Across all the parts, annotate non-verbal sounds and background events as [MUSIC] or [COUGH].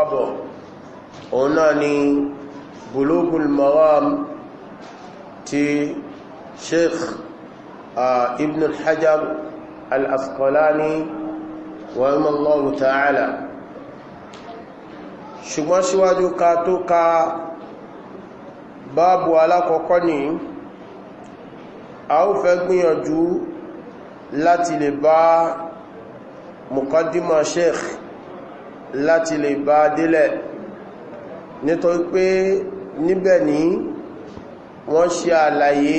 ààbọ̀ òun náà ni bulugul maram ti sheikh ibn al-hajjab al-afkolani wa imallahu ta'ala ṣùgbọ́n síwájú ka tó ka báàbù alákọ̀ọ́kọ́ ni a ó fẹ́ gbìyànjú láti lè bá mùkọ́dímọ̀ sheikh láti lè bá délẹ̀ nítorí pé níbẹ̀ ní wọ́n ṣe àlàyé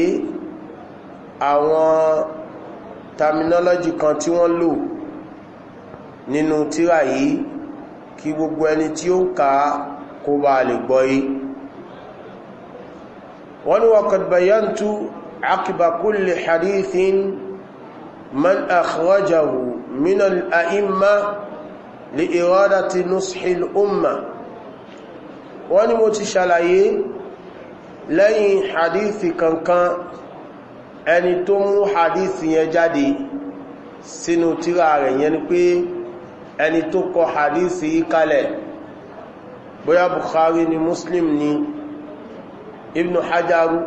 àwọn terminology kan tí wọ́n lò nínú tíra yìí kí gbogbo ẹni tí ó ká kó bá lè gbọ́yí wọ́n ni wọ́n kọ̀dbàyántú akibakulli hadithin man akhrajahu minal a'imma lè ìrọ́dá ti nushil umma wọ́n ni mo ti ṣàlàyé lẹ́yìn hadithi kankan ẹni tó mú hadithi yẹn jáde sínú tíra rẹ̀ yẹn ni pé ẹni tó kọ hadithi yí bóyá bukhari ni muslim ni ibn hajjaru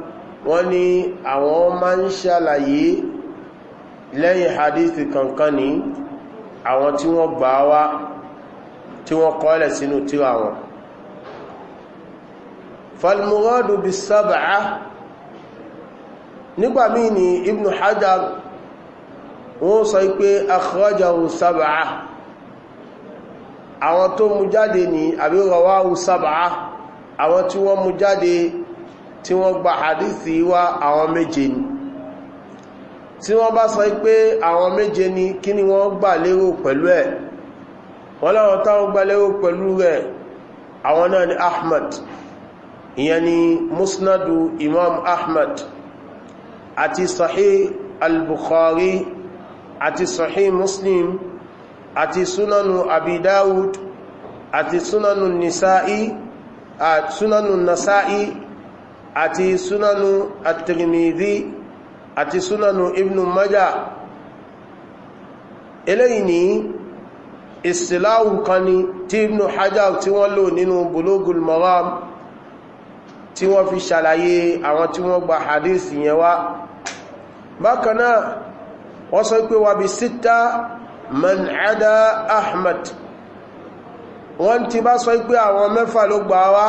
wọ́n ni àwọn ma ń ṣàlàyé lẹ́yìn hadithi kankan ni àwọn tí wọ́n gbà wá tí wọ́n kọ́lẹ̀ sínú tí àwọn falmuradu bi sábàá nígbà míì ni ibn hajar wọ́n sọ pé akọrọjàwò sábàá àwọn tó mú jáde ní àbí sábàá àwọn tí wọ́n mú jáde tí wọ́n gba hadithi wá àwọn méje ni tí wọ́n bá sọ pé àwọn méje ni kí ni wọ́n gbà lérò pẹ̀lú ẹ̀ wọ́n láwọn táwọn gbà lérò pẹ̀lú rẹ̀ àwọn náà ni ahmad ìyẹn ni musnadu imam ahmad àti sahih al-bukhari àti sahih muslim àti sunanu abidawud àti sunanu nisa'i àti sunanu nasa'i àti sunanu at-tirmidhi àti súnanù ibn maja eléyìn ní ìsìláhù kan ni tí ibn hajjab tí wọ́n lò nínú bulogul maram tí wọ́n fi ṣàlàyé àwọn tí wọ́n gba hadith yẹn wá bákanáà wọ́n sọ pé wà bí síta man ada ahmad wọ́n ti bá sọ pé àwọn mẹ́fà ló gbà wá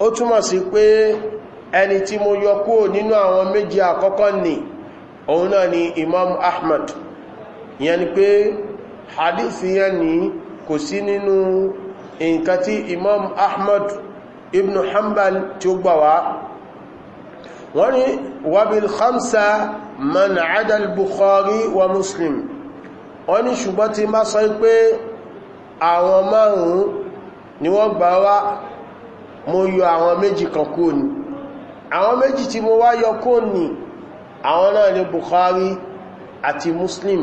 ó túnmọ̀ sí pé ẹni tí mo yọ kúrò nínú àwọn méjì àkọ́kọ́ ni òun náà ni imam ahmad ìyẹn ni pé hadithi yẹn ni kò sí nínú nǹkan tí imam ahmad ibn hanbal tí ó gbà wá wọ́n ni wabil khamsa man adal bukhari wa muslim wọ́n ni ṣùgbọ́n ti má sọ pé àwọn márùn-ún ni wọ́n gbà wá mo yọ àwọn méjì kan ni àwọn méjì tí mo wá yọ kó ní àwọn náà ni bukhari àti muslim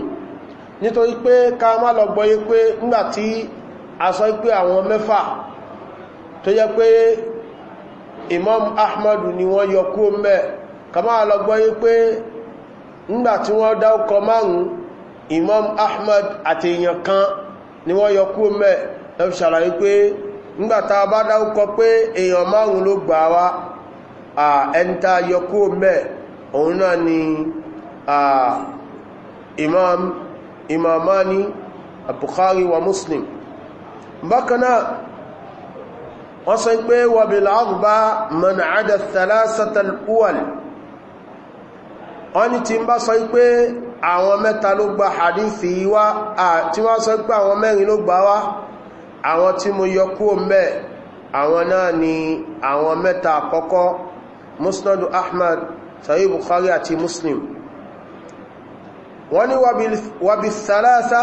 nítorí pé ká má lọ gbọ́yé pé ńgbàtí a sọ pé àwọn mẹ́fà tó jẹ́ pé imam ahmadu ni wọ́n yọ kó mẹ́ ká má lọ gbọ́yé pé ńgbàtí wọ́n dá márùn imam ahmad àti èèyàn kan ni wọ́n yọ kó mẹ́ lọ́pù ṣàlàyé pé ńgbàtà bá dá ọkọ̀ pé èèyàn márùn ló gbà wá ẹntà yọkó mẹ́ òun náà ni imam imamani bukhari wa muslim bákanáà wọ́n sọ pé wà bí láàrùbá mọ̀nà àdà thalassatal uwal wọ́n ni ti ń bá sọ pé àwọn mẹ́ta ló gba hadithi wá tí wọ́n sọ pé àwọn mẹ́rin ló gba wá àwọn tí mo yọ kúrò mẹ́ àwọn náà ni àwọn mẹ́ta àkọ́kọ́ musnadu ahmad sahih bukhari àti muslim wọ́n ni wàbí sàlásá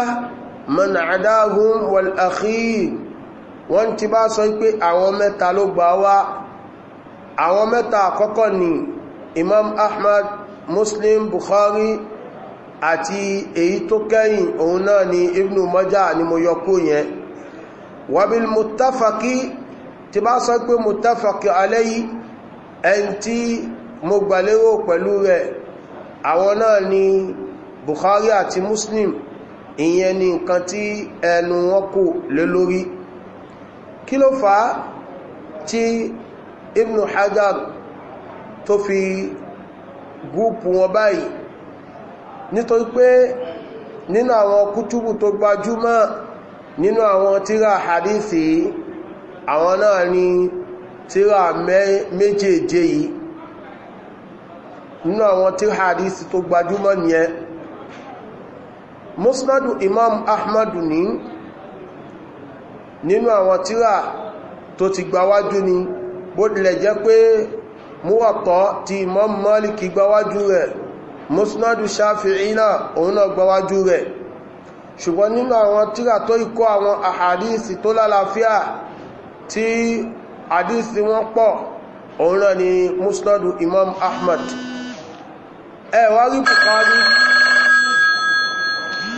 mọ̀nàdáhùn wàl'akhir wọ́n ti bá sọ pé àwọn mẹ́ta ló gbà wá àwọn mẹ́ta àkọ́kọ́ ni imam ahmad muslim bukhari àti èyí tó kẹ́yìn òun náà ni ibn majah ni mo yọkú yẹn wàbí mutafaki ti bá sọ pé mutafaki aléyìí ẹn tí mo gbàlérò pẹ̀lú rẹ̀ àwọn náà ni bukhari àti muslim ìyẹn ni nǹkan tí ẹnu wọn kò lé lórí kí ló fà á tí ibn hajar tó fi gúúpù wọn báyìí nítorí pé nínú àwọn kútùbù tó gbajúmọ̀ nínú àwọn tíra hadithi àwọn náà ni tíra méjèèjì yìí nínú àwọn tí hadisi tó gbajúmọ̀ nìyẹn musnadu imam ahmadu ní nínú àwọn tíra tó ti gbawájú ni bó dilẹ̀ jẹ́ pé múwàtọ́ ti imam maliki gbawájú rẹ̀ musnadu shafi'ina òun náà gbawájú rẹ̀ ṣùgbọ́n nínú àwọn tíra tó ikọ́ àwọn ahadisi tó lálàáfíà tí hadith tí wọ́n pọ̀ òun náà ni musnadu imam ahmad ẹ̀wà rí bukari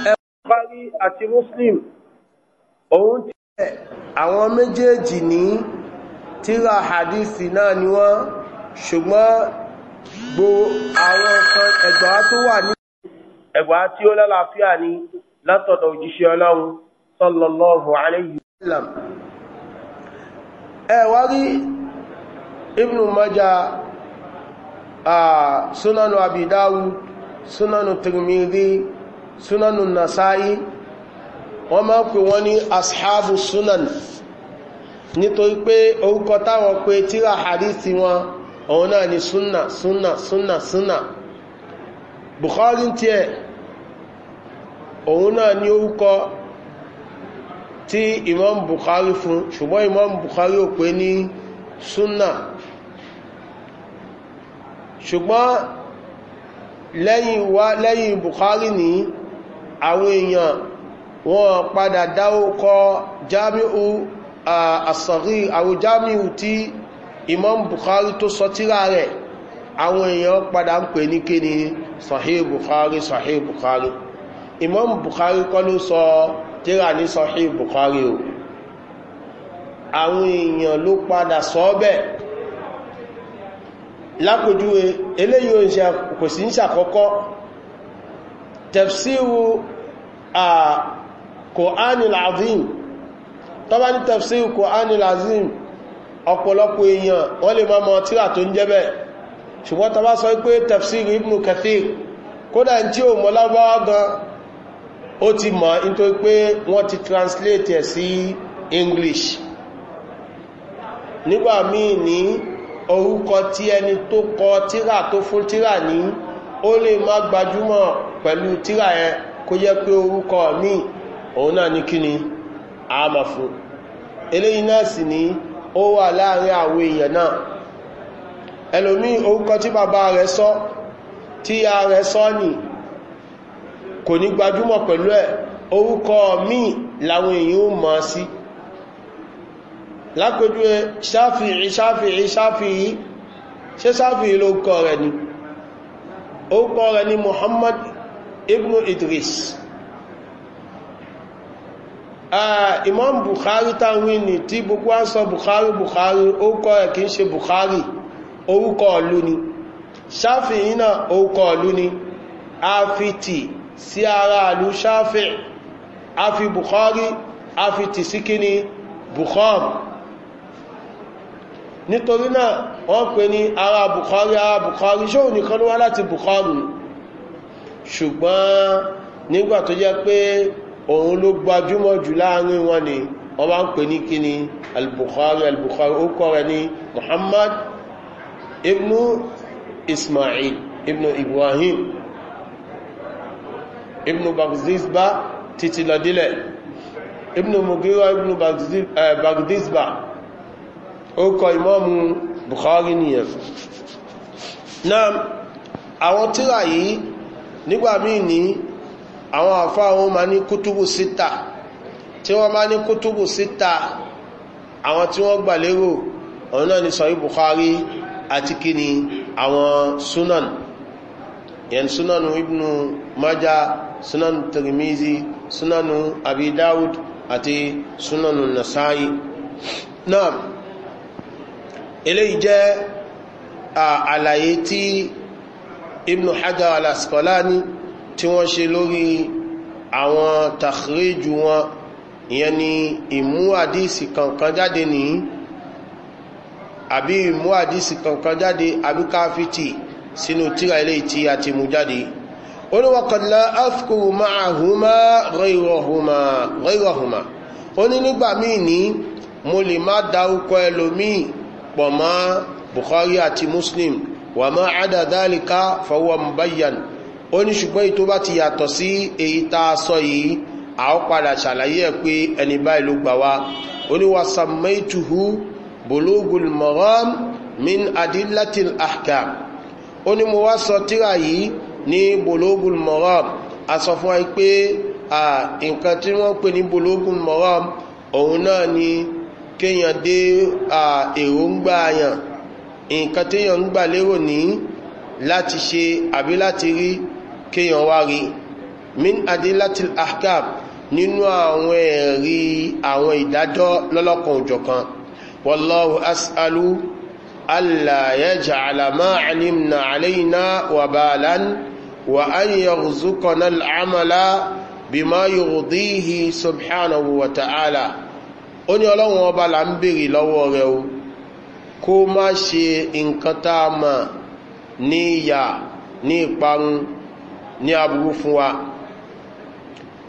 ẹ̀wà bukari àti muslim òun tí ẹ̀ àwọn méjèèjì ní tíra hadithi náà ni wọ́n ṣùgbọ́n gbo àwọn kan ẹ̀gbà tó wà ní ẹ̀gbà tí ó lálàáfíà ni látọ̀dọ̀ òjíṣẹ́ ọlọ́run sallallahu alayhi wa sallam ẹ̀wárí Ibn Majah súnánù Abi abidawu sunanu Tirmidhi sunanu Nasa'i wọ́n máa pè wọ́n ní ashabu sunan nítorí pé orúkọ táwọn pé tíra hadisi wọn ọ̀hún náà ni sunna sunna sunna sunna Bukhari tí ẹ̀ òun náà ni orúkọ tí imam bukhari fún ṣùgbọ́n imam bukhari ò pé ní súnà ṣùgbọ́n lẹ́yìn wá lẹ́yìn bukhari ní àwọn èèyàn wọ́n padà dáwókọ jami'u asari àwọn jami'u tí imam bukhari tó sọ tíra rẹ̀ àwọn èèyàn padà ń pè ní kí ni sahih bukhari sahih bukhari imam bukhari kọ́ ló sọ tíra ní sọ́hí bukhari o àwọn èèyàn ló padà sọ́ọ́bẹ̀ lápòjúwe eléyìí oúnjẹ kò sí ń sàkọ́kọ́ tẹ̀fsíru kòánìlàzín tọ́bá ní tẹ̀fsíru kòánìlàzín ọ̀pọ̀lọpọ̀ èèyàn wọ́n lè máa mọ̀ tíra tó ń jẹ́ bẹ̀ ṣùgbọ́n tọ́bá sọ pé tẹ̀fsíru ibn kathir kódà tí ó mọ́ gan ó ti mọ̀ nítorí pé wọ́n ti translate ẹ̀ sí english nígbà míì ní orúkọ tí ẹni tó kọ tíra tó fún tíra ní ó lè má gbajúmọ̀ pẹ̀lú tíra ẹ kó jẹ́ pé orúkọ míì òun náà ní kíni àmà fún eléyìn náà sì ní ó wà láàrin àwọn èèyàn náà ẹlòmí orúkọ tí bàbá sọ tí rẹ̀ sọ kò ní gbajúmọ̀ pẹ̀lú ẹ̀ orúkọ míì láwọn èèyàn ó mọ̀ sí lápẹjú ṣáfìí ṣáfìí ṣáfìí ṣe ṣáfìí ló rẹ̀ ni ó rẹ̀ ni muhammad ibn idris imam buhari táwọn ni tí gbogbo á sọ buhari buhari ó kọ rẹ̀ kìí ṣe buhari orúkọ ọlú ni ṣáfìí náà orúkọ ọlú ni afiti sí ara àlú ṣáfẹ́ a fi bukhari a fi tì sí kí ni bukhari nítorí náà wọ́n pè ní ara bukhari ara bukhari ṣóò nìkan ló wá láti bukhari ṣùgbọ́n nígbà tó jẹ́ pé òun ló gbajúmọ̀ jù láàrin wọn ni wọ́n bá ń pè ní kí ni al-bukhari ó kọ́ rẹ̀ ní muhammad ibn ismail ibn ibrahim Ibnu bagdisba títí lọ dílẹ̀ ibn mugira ibn bagdisba eh, ó kọ ìmọ́mù bukhari nìyẹn náà àwọn tíra yìí nígbà míì ní àwọn àfá wọn ma ní kútùbù síta tí wọ́n bá ní kútùbù síta àwọn tí wọ́n gbà lérò ọ̀nà ní sọ̀rí bukhari àti kíni àwọn sunan yẹn sunanu ibnu maja sunanu tirimizi sunanu abidawud àti sunanu nasayi náà eléyìí jẹ́ àlàyé tí ibnu hajj alaskolani tí wọ́n ṣe lórí àwọn tàkìrìjù wọn ìyẹn ni ìmú àdísì kankan jáde nìyí àbí ìmú àdísì kankan jáde àbí káfíìtì sínú tíra ilé tí a ti mú jáde oníwọ̀kànlá afkuru máa húnmá rírọ̀húnmá ó ní nígbà míì ní mo lè má dárúkọ ẹlòmíì pọ̀ mọ́ bukhari àti muslim wà má àdàdálìká fọwọ́ mbayan ó ní ṣùgbọ́n ètò bá ti yàtọ̀ sí èyí tá sọ yìí a ó padà ṣàlàyé ẹ̀ pé ẹni báyìí ló gbà wá oníwàsàmẹ́tùhù bùlógùn mọ̀rán min adilatil ahkam ó ní mo wá sọ tíra yìí ní bologul moram a sọ fún wa pé nǹkan tí wọ́n pè ní bologul moram òun náà ni kéèyàn dé èròǹgbà àyàn nǹkan téèyàn ń gbà lérò ní láti ṣe àbí láti rí kéèyàn wá rí min adilatil ahkam nínú àwọn ẹ̀rí àwọn ìdájọ́ lọ́lọ́kan òjọ̀kan wọ́lọ́wọ́ asálú ألا يجعل ما علمنا علينا وبالا وأن يرزقنا العمل بما يرضيه سبحانه وتعالى ó ní ọlọ́run ọba là ń bèèrè lọ́wọ́ rẹ̀ o kó má ṣe nǹkan tá a mọ̀ ní ìyà ní ìparun ní aburú fún wa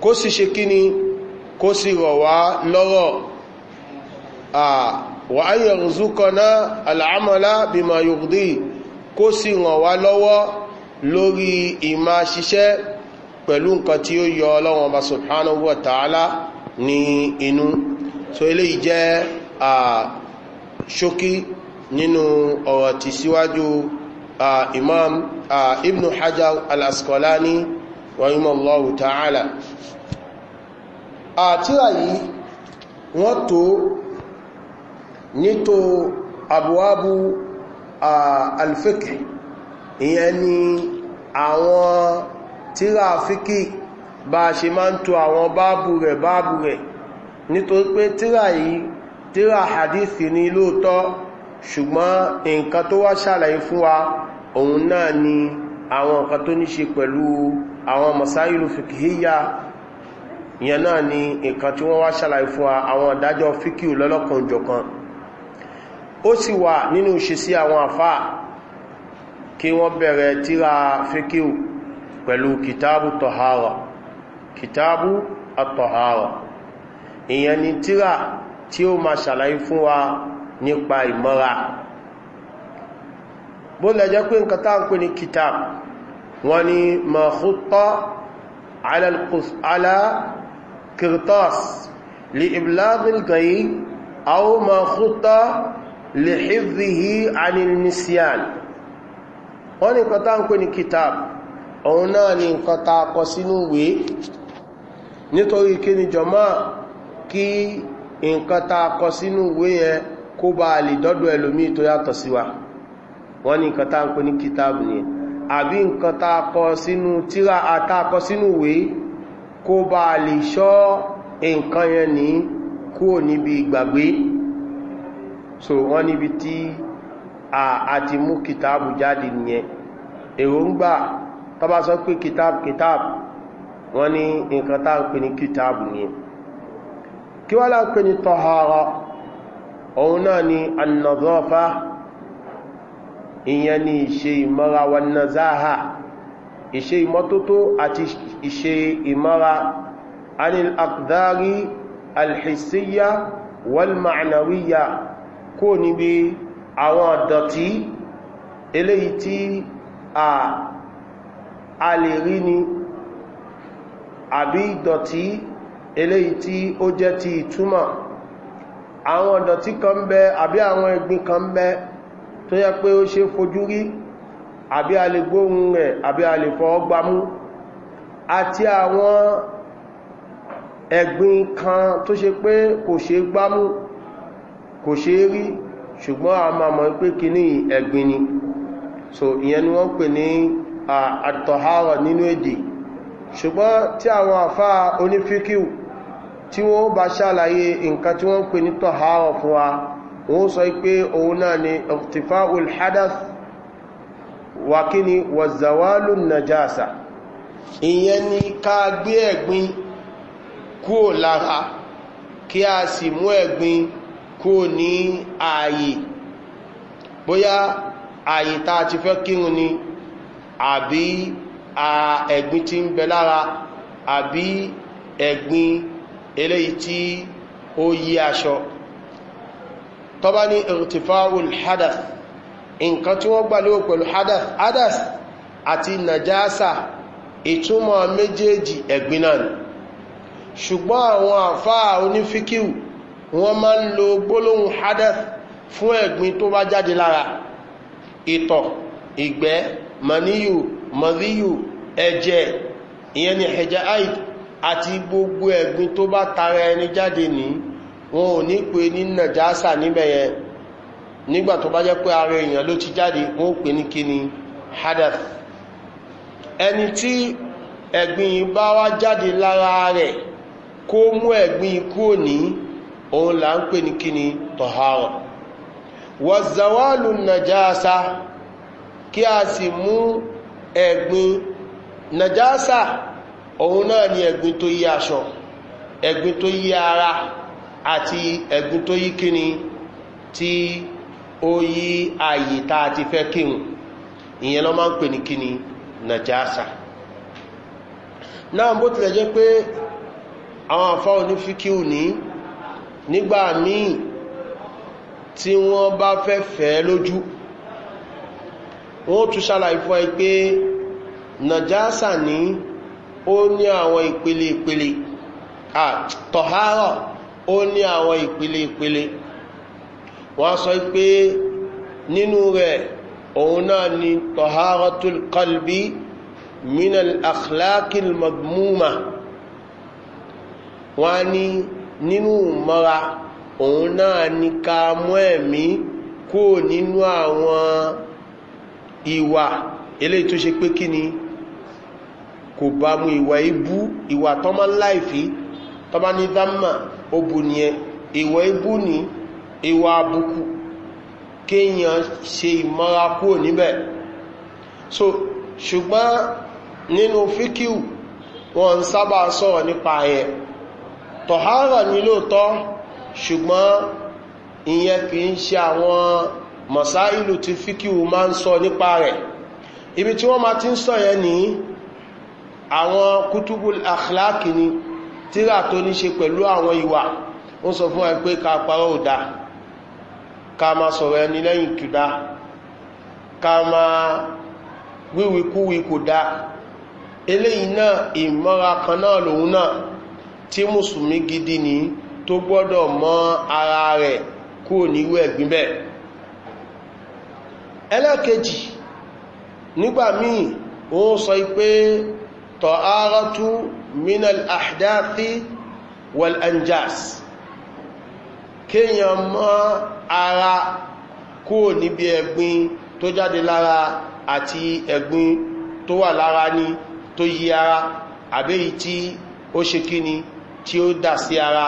kó sì ṣe kíni kó sì rọ̀ wá lọ́rọ̀ wà á yẹ̀ rùzúkọ̀ná àlàámọ́lá bí ma yògùdí kó sì ràn wá lọ́wọ́ lórí ìmá ṣiṣẹ́ pẹ̀lú nǹkan tí ó yọ ọlọ́wọ́n ọba subhanahu wa ta'ala ní inú so ilé ìjẹ́ ṣókí nínú ọ̀rọ̀ ti síwájú imam ibn hajar al-askolani rahimallahu ta'ala àtíra yìí wọ́n tó nítò àbúwábú alfikì ìyẹn ni àwọn tíra fíkì bá ṣe máa ń tó àwọn báàbù rẹ̀ báàbù rẹ̀ nítorí pe tira yìí tira hadithi ni lóòtọ́ ṣùgbọ́n nǹkan tó wá ṣàlàyé fún wa òun náà ni àwọn nǹkan tó ní ṣe pẹ̀lú àwọn masáyìlú fìkìhíyà ìyẹn náà ni nǹkan tí wọ́n wá ṣàlàyé fún wa àwọn ìdájọ́ fíkì lọ́lọ́kan jọ̀kan ó sì wà nínú ṣe sí àwọn àfáà kí wọ́n bẹ̀rẹ̀ tíra fíkíù pẹ̀lú kìtàbù tọ̀hárà kìtàbù àtọ̀hárà ìyẹn ni tíra tí ó ma ṣàlàyé fún wa nípa ìmọ́ra bó lẹ́jẹ́ pé nǹkan tá ń pè ní kìtàb wọ́n ni mahutọ́ alakirtos lè hìfìhì anilmisian wọ́n ni nǹkan tá ń pè ní kitab òun náà ni nǹkan ta kọ sínú ìwé nítorí kí ni jọmọ́ kí nǹkan ta kọ sínú ìwé yẹn kó bá lè dọ́dọ̀ ẹlòmí tó yàtọ̀ sí wa wọ́n ni so wọ́n níbi tí a ti mú kìtàbù jáde nìyẹn èròǹgbà tọba sọ pé kìtàbù kìtàbù wọ́n ní nǹkan tá ń pè ní kìtàbù nìyẹn kí wọ́n láń pè ní tọ́hara òun náà ni annazọ́fà ìyẹn ni ìṣe ìmọ́ra wa ìṣe ìmọ́tótó àti ìṣe ìmọ́ra anil akdari alhissiyya wal ma'anawiyya kó níbi àwọn ọ̀dọ̀tí eléyìí tí a lè rí ni àbí ìdọ̀tí eléyìí tí ó jẹ́ ti ìtúmọ̀ àwọn ọ̀dọ̀tí kan bẹ àbí àwọn ẹgbin kan bẹ tó yẹ pé ó ṣe fojú rí àbí a lè gbóhun rẹ̀ àbí a lè fọ́ ọgbàmú àti àwọn ẹgbin kan tó ṣe pé kò ṣe gbámú kò ṣe rí ṣùgbọ́n a máa mọ̀ pé kí ní ẹ̀gbin ni so ìyẹn ni wọ́n pè ní àtọ̀hárọ̀ nínú èdè ṣùgbọ́n tí àwọn àfá onífíkíw tí wọ́n bá ṣàlàyé nǹkan tí wọ́n pè ní tọ̀hárọ̀ fún wa wọ́n sọ pé òun náà ni ọ̀tífà ulhadath wà kí ni wàzàwálù najasa ìyẹn ni ká gbé ẹ̀gbin kúò lára kí a sì mú ẹ̀gbin kú ní ààyè bóyá ààyè tá ti fẹ́ kírun ni àbí ẹ̀gbin ti ń bẹ lára àbí ẹ̀gbin eléyìí tí ó yí aṣọ tọ́bá ní irtifaul hadath nǹkan tí wọ́n gbà lówó pẹ̀lú hadath hadath àti najasa ìtumọ̀ méjèèjì ẹ̀gbin náà ṣùgbọ́n àwọn àfáà onífíkíù wọ́n máa ń lo gbólóhùn hadath fún ẹ̀gbin tó bá jáde lára ìtọ̀ ìgbẹ́ maniyu mọ̀ríyù ẹ̀jẹ̀ ìyẹn ni ẹ̀jẹ̀ aid àti gbogbo ẹ̀gbin tó bá tara ẹni jáde ní wọn ò ní pè ní nàjásà níbẹ̀ yẹn nígbà tó bá jẹ́ pé ara èèyàn ló ti jáde wọn ò pè ní kíni hadath ẹni tí ẹ̀gbin bá wá jáde lára rẹ̀ kó mú ẹ̀gbin kúrò ní òun là ń pè ní kíni tọ̀hárọ̀ wàzàwálù nàjásá kí a sì mú ẹ̀gbin nàjásá òun náà ni ẹ̀gbin tó yí aṣọ ẹ̀gbin tó yí ara àti ẹ̀gbin tó yí kíni tí ó yí ààyè tá a ti fẹ́ kírun ìyẹn lọ máa ń pè ní kíni nàjásá náà bó tilẹ̀ jẹ́ pé àwọn onífíkíù ní nígbà míì tí wọ́n bá fẹ́ fẹ́ lójú wọ́n tún ṣàlàyé fún ẹ pé nàjásà ní ó ní àwọn ìpele ìpele tọ̀hárọ̀ ó ní àwọn ìpele ìpele wọ́n sọ pé nínú rẹ̀ òun náà ni tọ̀hárọ̀ tó kọlbí minal akhlaqil magmuma wọ́n ni nínú mọ́ra òun náà ní ká mọ́ ẹ̀mí kó nínú àwọn ìwà eléyìí tó ṣe pé kí ni kò bá mú ìwà ibú ìwà tọ́mọ́ láìfí tọ́mọ́ ní dámà obù nìyẹn ìwà ibú ni ìwà àbùkù kéèyàn ṣe ìmọ́ra kúrò níbẹ̀ so ṣùgbọ́n nínú fíkíù wọ́n sábà sọ̀rọ̀ nípa ẹ̀ tọ̀hárà ní lóòtọ́ ṣùgbọ́n ìyẹn kì í ṣe àwọn masáìlù ti fíkíwù máa ń sọ nípa rẹ̀ ibi tí wọ́n ma ti ń sọ yẹn ní àwọn kútùbùl àkìláàkì ni tíra tó ní ṣe pẹ̀lú àwọn ìwà ó sọ fún ẹ pé òdá tí mùsùlùmí gidi ni tó gbọ́dọ̀ mọ́ ara rẹ̀ kú níwú ẹ̀gbín bẹ̀ ẹlẹ́kejì nígbà míì wọ́n sọ pé tọ̀ ara tú minal ahdafi wal anjas kíyàn mọ́ ara kú níbi ẹ̀gbín tó jáde lára àti ẹ̀gbín tó wà lára ní tó yí ara àbẹ́yìí tí ó ṣe kí ni tí ó dà sí ara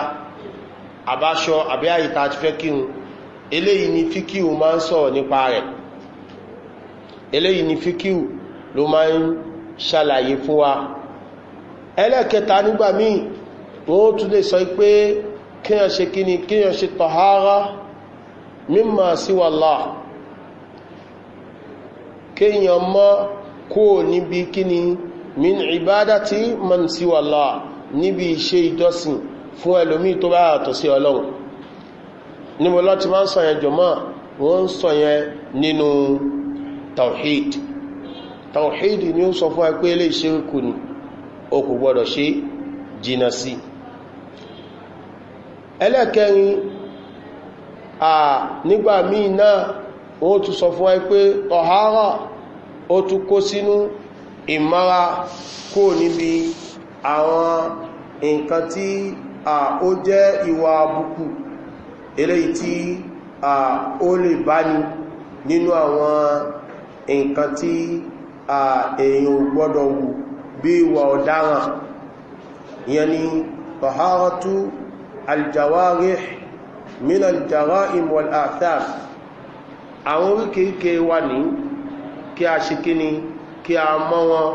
àbáṣọ àbí àyíká ti fẹ́ kírun eléyìí ni fíkíù ma ń sọ̀rọ̀ nípa rẹ̀ eléyìí ni fíkíù ló ma ń ṣàlàyé fún wa ẹlẹ́kẹta nígbà míì wọ́n tún lè sọ pé kíyàn ṣe kíni kíyàn ṣe tọ̀hárá mímọ̀ síwàlá kíyàn mọ́ kó níbi kíni min ìbádá tí mọ̀ síwàlá níbi iṣẹ́ ìjọsìn fún ẹlòmí tó bá yàtọ̀ sí ọlọ́run ní lọ ti máa ń sọ̀yẹn jọmọ́ wọ́n ń sọ̀yẹn nínú tawhid tawhid ni ó sọ fún ẹgbẹ́ ilé o kò gbọ́dọ̀ ṣe jìnà sí ẹlẹ́kẹrin à nígbà míì náà ó tún sọ fún ẹgbẹ́ àwọn nǹkan tí ó jẹ́ ìwà àbùkù eléyìí tí ó lè bá ní nínú àwọn nǹkan tí èèyàn gbọ́dọ̀ wù bí ìwà ọ̀daràn ìyẹn ni tọ̀hárọ́tú aljawari mílàljara imwal athar àwọn oríkèríkè wà ní kí a ṣe kí ni kí a mọ́ wọn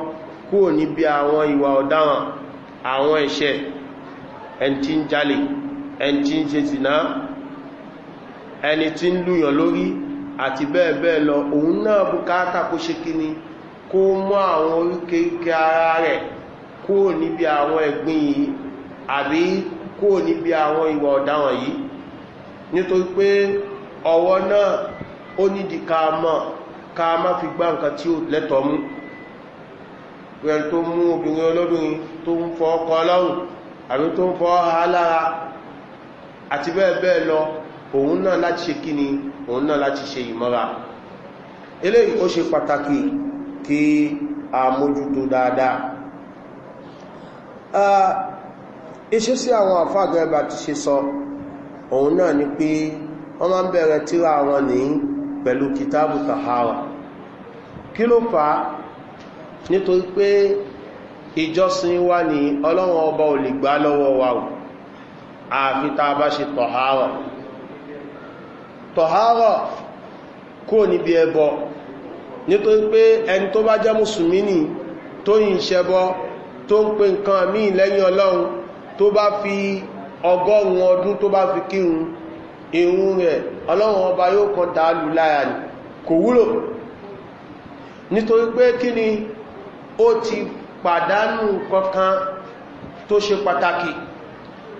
kúrò níbi àwọn ìwà ọ̀daràn àwọn ẹ̀ṣẹ̀ ẹni tí ń jalè ẹni tí ń ṣe zìná ẹni tí ń lúyàn lórí àti bẹ́ẹ̀ bẹ́ẹ̀ lọ òun náà bukata kó ṣe kíní kó mọ́ àwọn oríkèríkè ara rẹ̀ kó níbi àwọn ẹ̀gbìn yìí àbí kó níbi àwọn ìwà ọ̀dáwọn yìí nítorí pé ọwọ́ náà ó nídi ká mọ́ ká má fi gbá nǹkan tí ó lẹ́tọ̀ mú pẹ̀lú tó mú obìnrin olóbìnrin tó ń fọ́ ọkọ̀ ọlọ́run àbí tó ń fọ́ ọha àti bẹ́ẹ̀ bẹ́ẹ̀ lọ òun náà láti ṣe kíni òun náà láti ṣe ìmọ́ra eléyìí ó ṣe pàtàkì kí a mójútó dáadáa iṣẹ́ sí ti ṣe sọ òun náà ni pé wọ́n máa ń bẹ̀rẹ̀ tíra wọn ní pẹ̀lú nítorí pé ìjọsìn wa ni ọlọ́run ọba ò lè gbá lọ́wọ́ wa ò àfi tá a bá ṣe tọ̀hárọ̀ tọ̀hárọ̀ kó níbi ẹbọ nítorí pé ẹni tó bá jẹ́ mùsùlùmí nì tó yìn ṣẹbọ tó ń pe nǹkan míì lẹ́yìn ọlọ́run tó bá fi ọgọ́rùn ọdún tó bá fi kírun ìrún rẹ̀ ọlọ́run ọba yóò kan dáálù láyà ní kò wúlò nítorí pé kí ni ó ti pàdánù kankan tó ṣe pàtàkì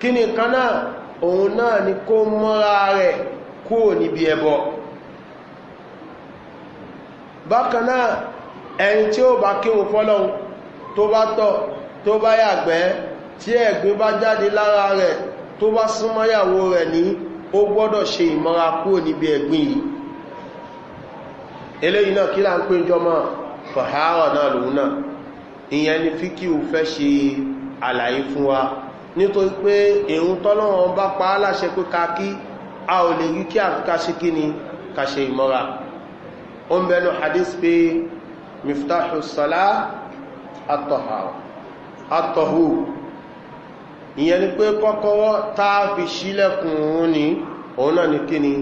kí ni kan náà òun náà ni kó mọ́ra rẹ̀ kúrò níbi ẹbọ bákan náà ẹni tí ó bá kírun fọ́lọ́hun tó bá tọ́ tó bá yàgbẹ́ tí ẹgbẹ́ bá jáde lára rẹ̀ tó bá súnmọ́yàwó rẹ̀ ní ó gbọ́dọ̀ ṣe ìmọ́ra kúrò níbi yìí eléyìí náà kí là ń pè jọmọ́ ìyẹn ni fíkíù fẹ́ ṣe àlàyé fún wa nítorí pé èrún tọ́lọ́wọ́n bá pa á láṣẹ pé ká a ò lè rí kí àfikà ṣe kí ni ká ṣe ìmọ́ra ó ń bẹnu hadith pé miftahu sala atọ̀hù ìyẹn ni pé kọ́kọ́wọ́ táà fi sílẹ̀kùn òun ni òun náà ni kí ni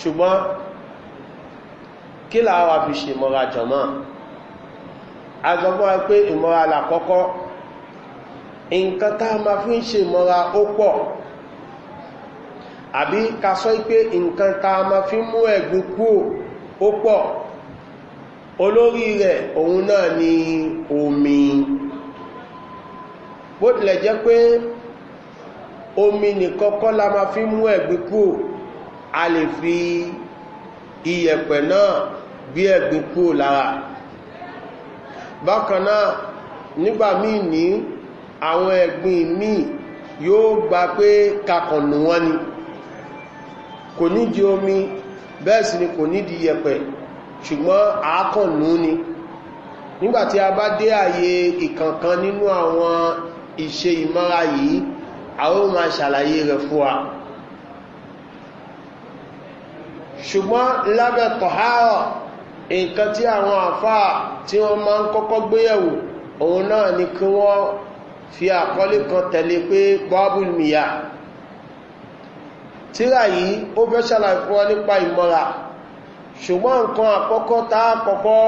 ṣùgbọ́n kí làá wà fi ṣe ìmọ̀ra jọ̀mọ́ àjọmọ́ pé ìmọ̀ra làkọ́kọ́ nǹkan tá a ma fi ń ṣe ìmọ̀ra ó pọ̀ àbí ká sọ pé nǹkan tá ma fi mú ẹ̀gbùn kú ó pọ̀ olórí rẹ̀ òun náà ni omi bó jẹ́ pé omi nìkan la ma fi mú ẹ̀gbùn kú a lè fi iyẹ̀pẹ̀ náà gbé ẹ̀gbin kúrò lára bákanáà nígbà míì ní àwọn ẹ̀gbin míì yóò gba pé kakọ̀nù wọn ni kò nídi omi bẹ́ẹ̀ sì ni kò nídi yẹ̀pẹ̀ ṣùgbọ́n àákọ̀nù ni nígbàtí a bá dé àyè ìkankan nínú àwọn ìṣe ìmọ́ra yìí a ó ma ṣàlàyé rẹ̀ fún wa ṣùgbọ́n lábẹ̀ tọ̀hárọ̀ nǹkan tí àwọn àfáà tí wọ́n máa ń kọ́kọ́ gbéyẹ̀wò òun náà ni kí wọ́n fi àkọlé kan tẹ̀lé pé bábùl mìíyà tíra yìí ó fẹ́ ṣàlàyé fún wọn nípa ìmọ̀ra ṣùgbọ́n nǹkan àkọ́kọ́ tá àkọ́kọ́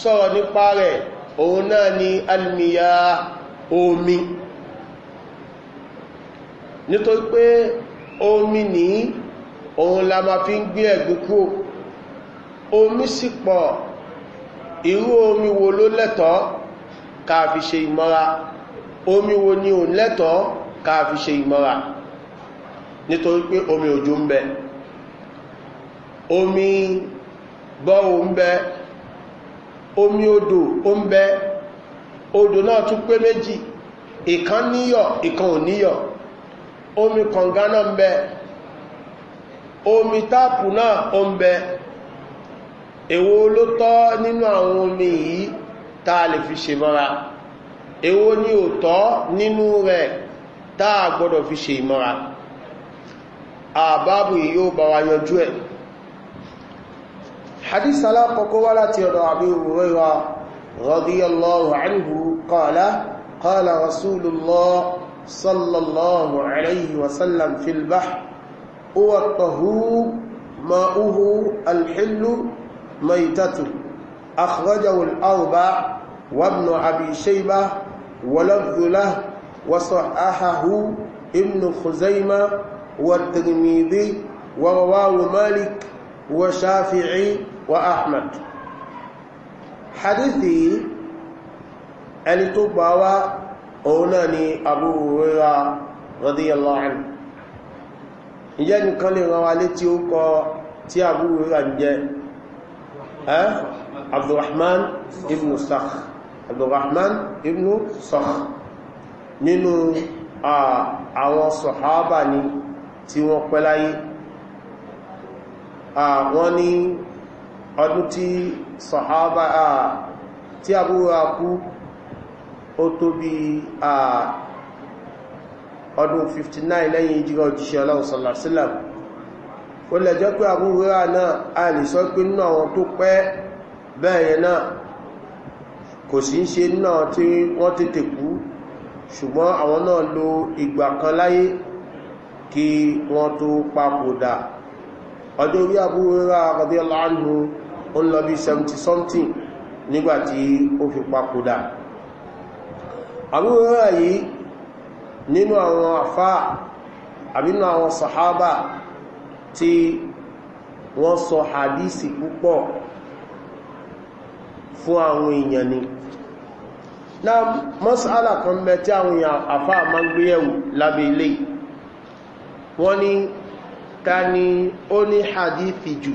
sọ̀rọ̀ nípa rẹ̀ òun náà ni alìmìyà omi nítorí pé omi ní òun la ma fi ń gbé ẹ̀gbẹ́ kúrò omi sì pọ̀ irú omi wo ló lẹ́tọ́ ká fi ṣe ìmọ́ra omi wo ni ò lẹ́tọ́ ká fi ṣe ìmọ́ra nítorí pé omi òjò ń bẹ omi bọ́rù ń bẹ omi odò ó ń bẹ odò náà tún pé méjì ìkan níyọ̀ ìkan ò níyọ̀ omi kọ̀ǹgá náà ń bẹ omi táàpù náà ó ń èwo ló tọ́ nínú àwọn omi yìí táa lè fi ṣe mọ́ra èwo ni ò tọ́ nínú rẹ̀ táa gbọ́dọ̀ fi ṣe ìmọ́ra àbábù yìí yóò bá wa yanjú ẹ̀ حديث لا قوة تيرى أبي هريرة رضي الله عنه قال قال رسول الله صلى الله عليه وسلم في البحر هو الطهور ماؤه الحل ميتة أخرجه الأربع وابن أبي شيبة ولفظ له وصححه ابن خزيمة والترمذي ورواه مالك وشافعي وأحمد حديثي التباوى أولاني أبو هريرة رضي الله عنه ìyẹ́ nìkan lè rán wa létí ó abdulrahman ibn sakh abdulrahman ibn sakh nínú àwọn sọ̀hábà ni tí wọ́n pẹ́ láyé wọ́n ní ọdún tí sọ̀hábà tí àbúrò kú ó tó bí ọdún 59 lẹ́yìn ìjírọ̀ òjíṣẹ́ ọlọ́run sọ̀làsílàmù ó lẹ́jọ́ pé àbúwẹ́rà náà a lè sọ pé nínú àwọn tó pẹ́ bẹ́ẹ̀yẹn náà kò sí ń ṣe nínú àwọn tí wọ́n tètè kú ṣùgbọ́n àwọn náà lo ìgbà kan láyé kí wọ́n tó papòdà ọjọ́ orí àbúwẹ́rà àkàdé láàánú ó ń lọ bí 70 something nígbàtí ó fi papòdà àbúwẹ́rà yìí nínú àwọn àfáà àbínú àwọn sàhábà tí wọ́n sọ hadisi púpọ̀ fún àwọn èèyàn ni na masala kan mẹ́ tí àwọn èèyàn àfá ma ń ẹ̀wù lábẹ́ ilé wọ́n ni ta ni ó ní hadithi jù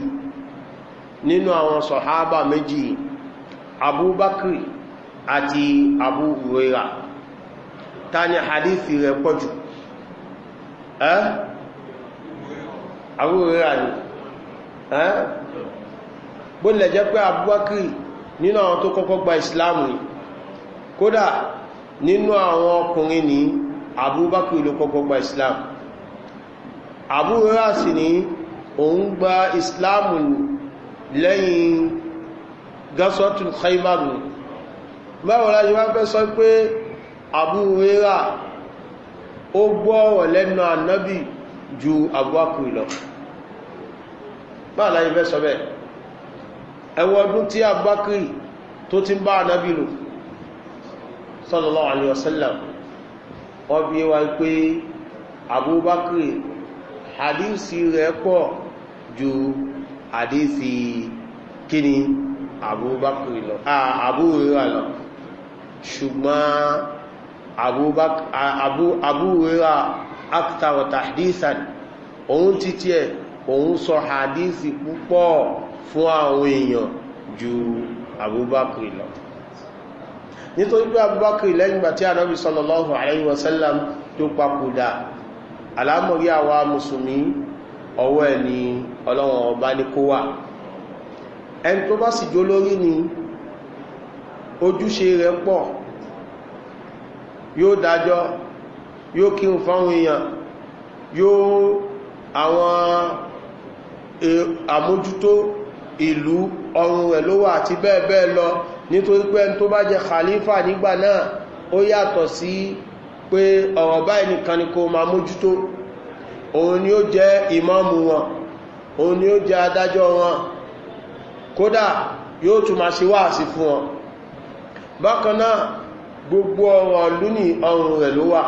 nínú àwọn sọ̀hábà méjì abubakri àti abu ta ni hadithi rẹ̀ pọ̀jù ẹ́ eh? àwòrán bó lẹ̀ jẹ́ pé abúbákìrì nínú àwọn tó kọ́kọ́ gba ìsìláàmù ni kódà nínú àwọn ọkùnrin ní abúbákìrì ló kọ́kọ́ gba ìsìláàmù àbúrúrà sí ni òun gba ìsìláàmù lẹ́yìn gasọ́tún khaibaru báwọn láti wá fẹ́ sọ pé àbúrúrà ó gbọ́ ọ̀rọ̀ lẹ́nu ànábì ju abúwákù ìlọ báàlá ìfẹ́ sọ bẹ́ẹ̀ ẹwọ ọdún tí abúwákù tó ti ń bá anábì lò sọ́lọ́lọ́ àlèọ́sẹ́lẹ̀m ọbí wa pé abúwákù àdíìsì rẹ̀ pọ̀ ju àdíìsì kíni abúwákù ìlọ àbúrírà lọ ṣùgbọ́n abúrírà akitawọ̀ tahdisan òun títí ẹ̀ òun sọ hadisi púpọ̀ fún àwọn èèyàn ju abubakar lọ nítorí pé abubakar lẹ́yìnbà tí anábi sallallahu alayhi wasallam tó papòdà alámọ̀rí àwa musulmi ọwọ́ ẹ̀ ni ọlọ́wọ̀n ọba ní kó wà ẹn tó bá sì jó lórí ni ojúṣe rẹ̀ pọ̀ yóò dájọ́ yóò kírùn fáwọn èèyàn yóò àwọn e, àmójútó ìlú ọrùn rẹ̀ ló wà àti bẹ́ẹ̀ bẹ́ẹ̀ lọ nítorí pé tó bá jẹ khalifa nígbà náà ó yàtọ̀ sí pé ọ̀rọ̀ báyìí nìkan ni kò máa mójútó òun ni ó jẹ́ ìmọ́mù wọn òun ni ó jẹ́ adájọ́ wọn kódà yóò tún máa ṣe wáàsí fún wọn bákan náà gbogbo ọ̀rọ̀ lúnì ọrùn rẹ̀ ló wà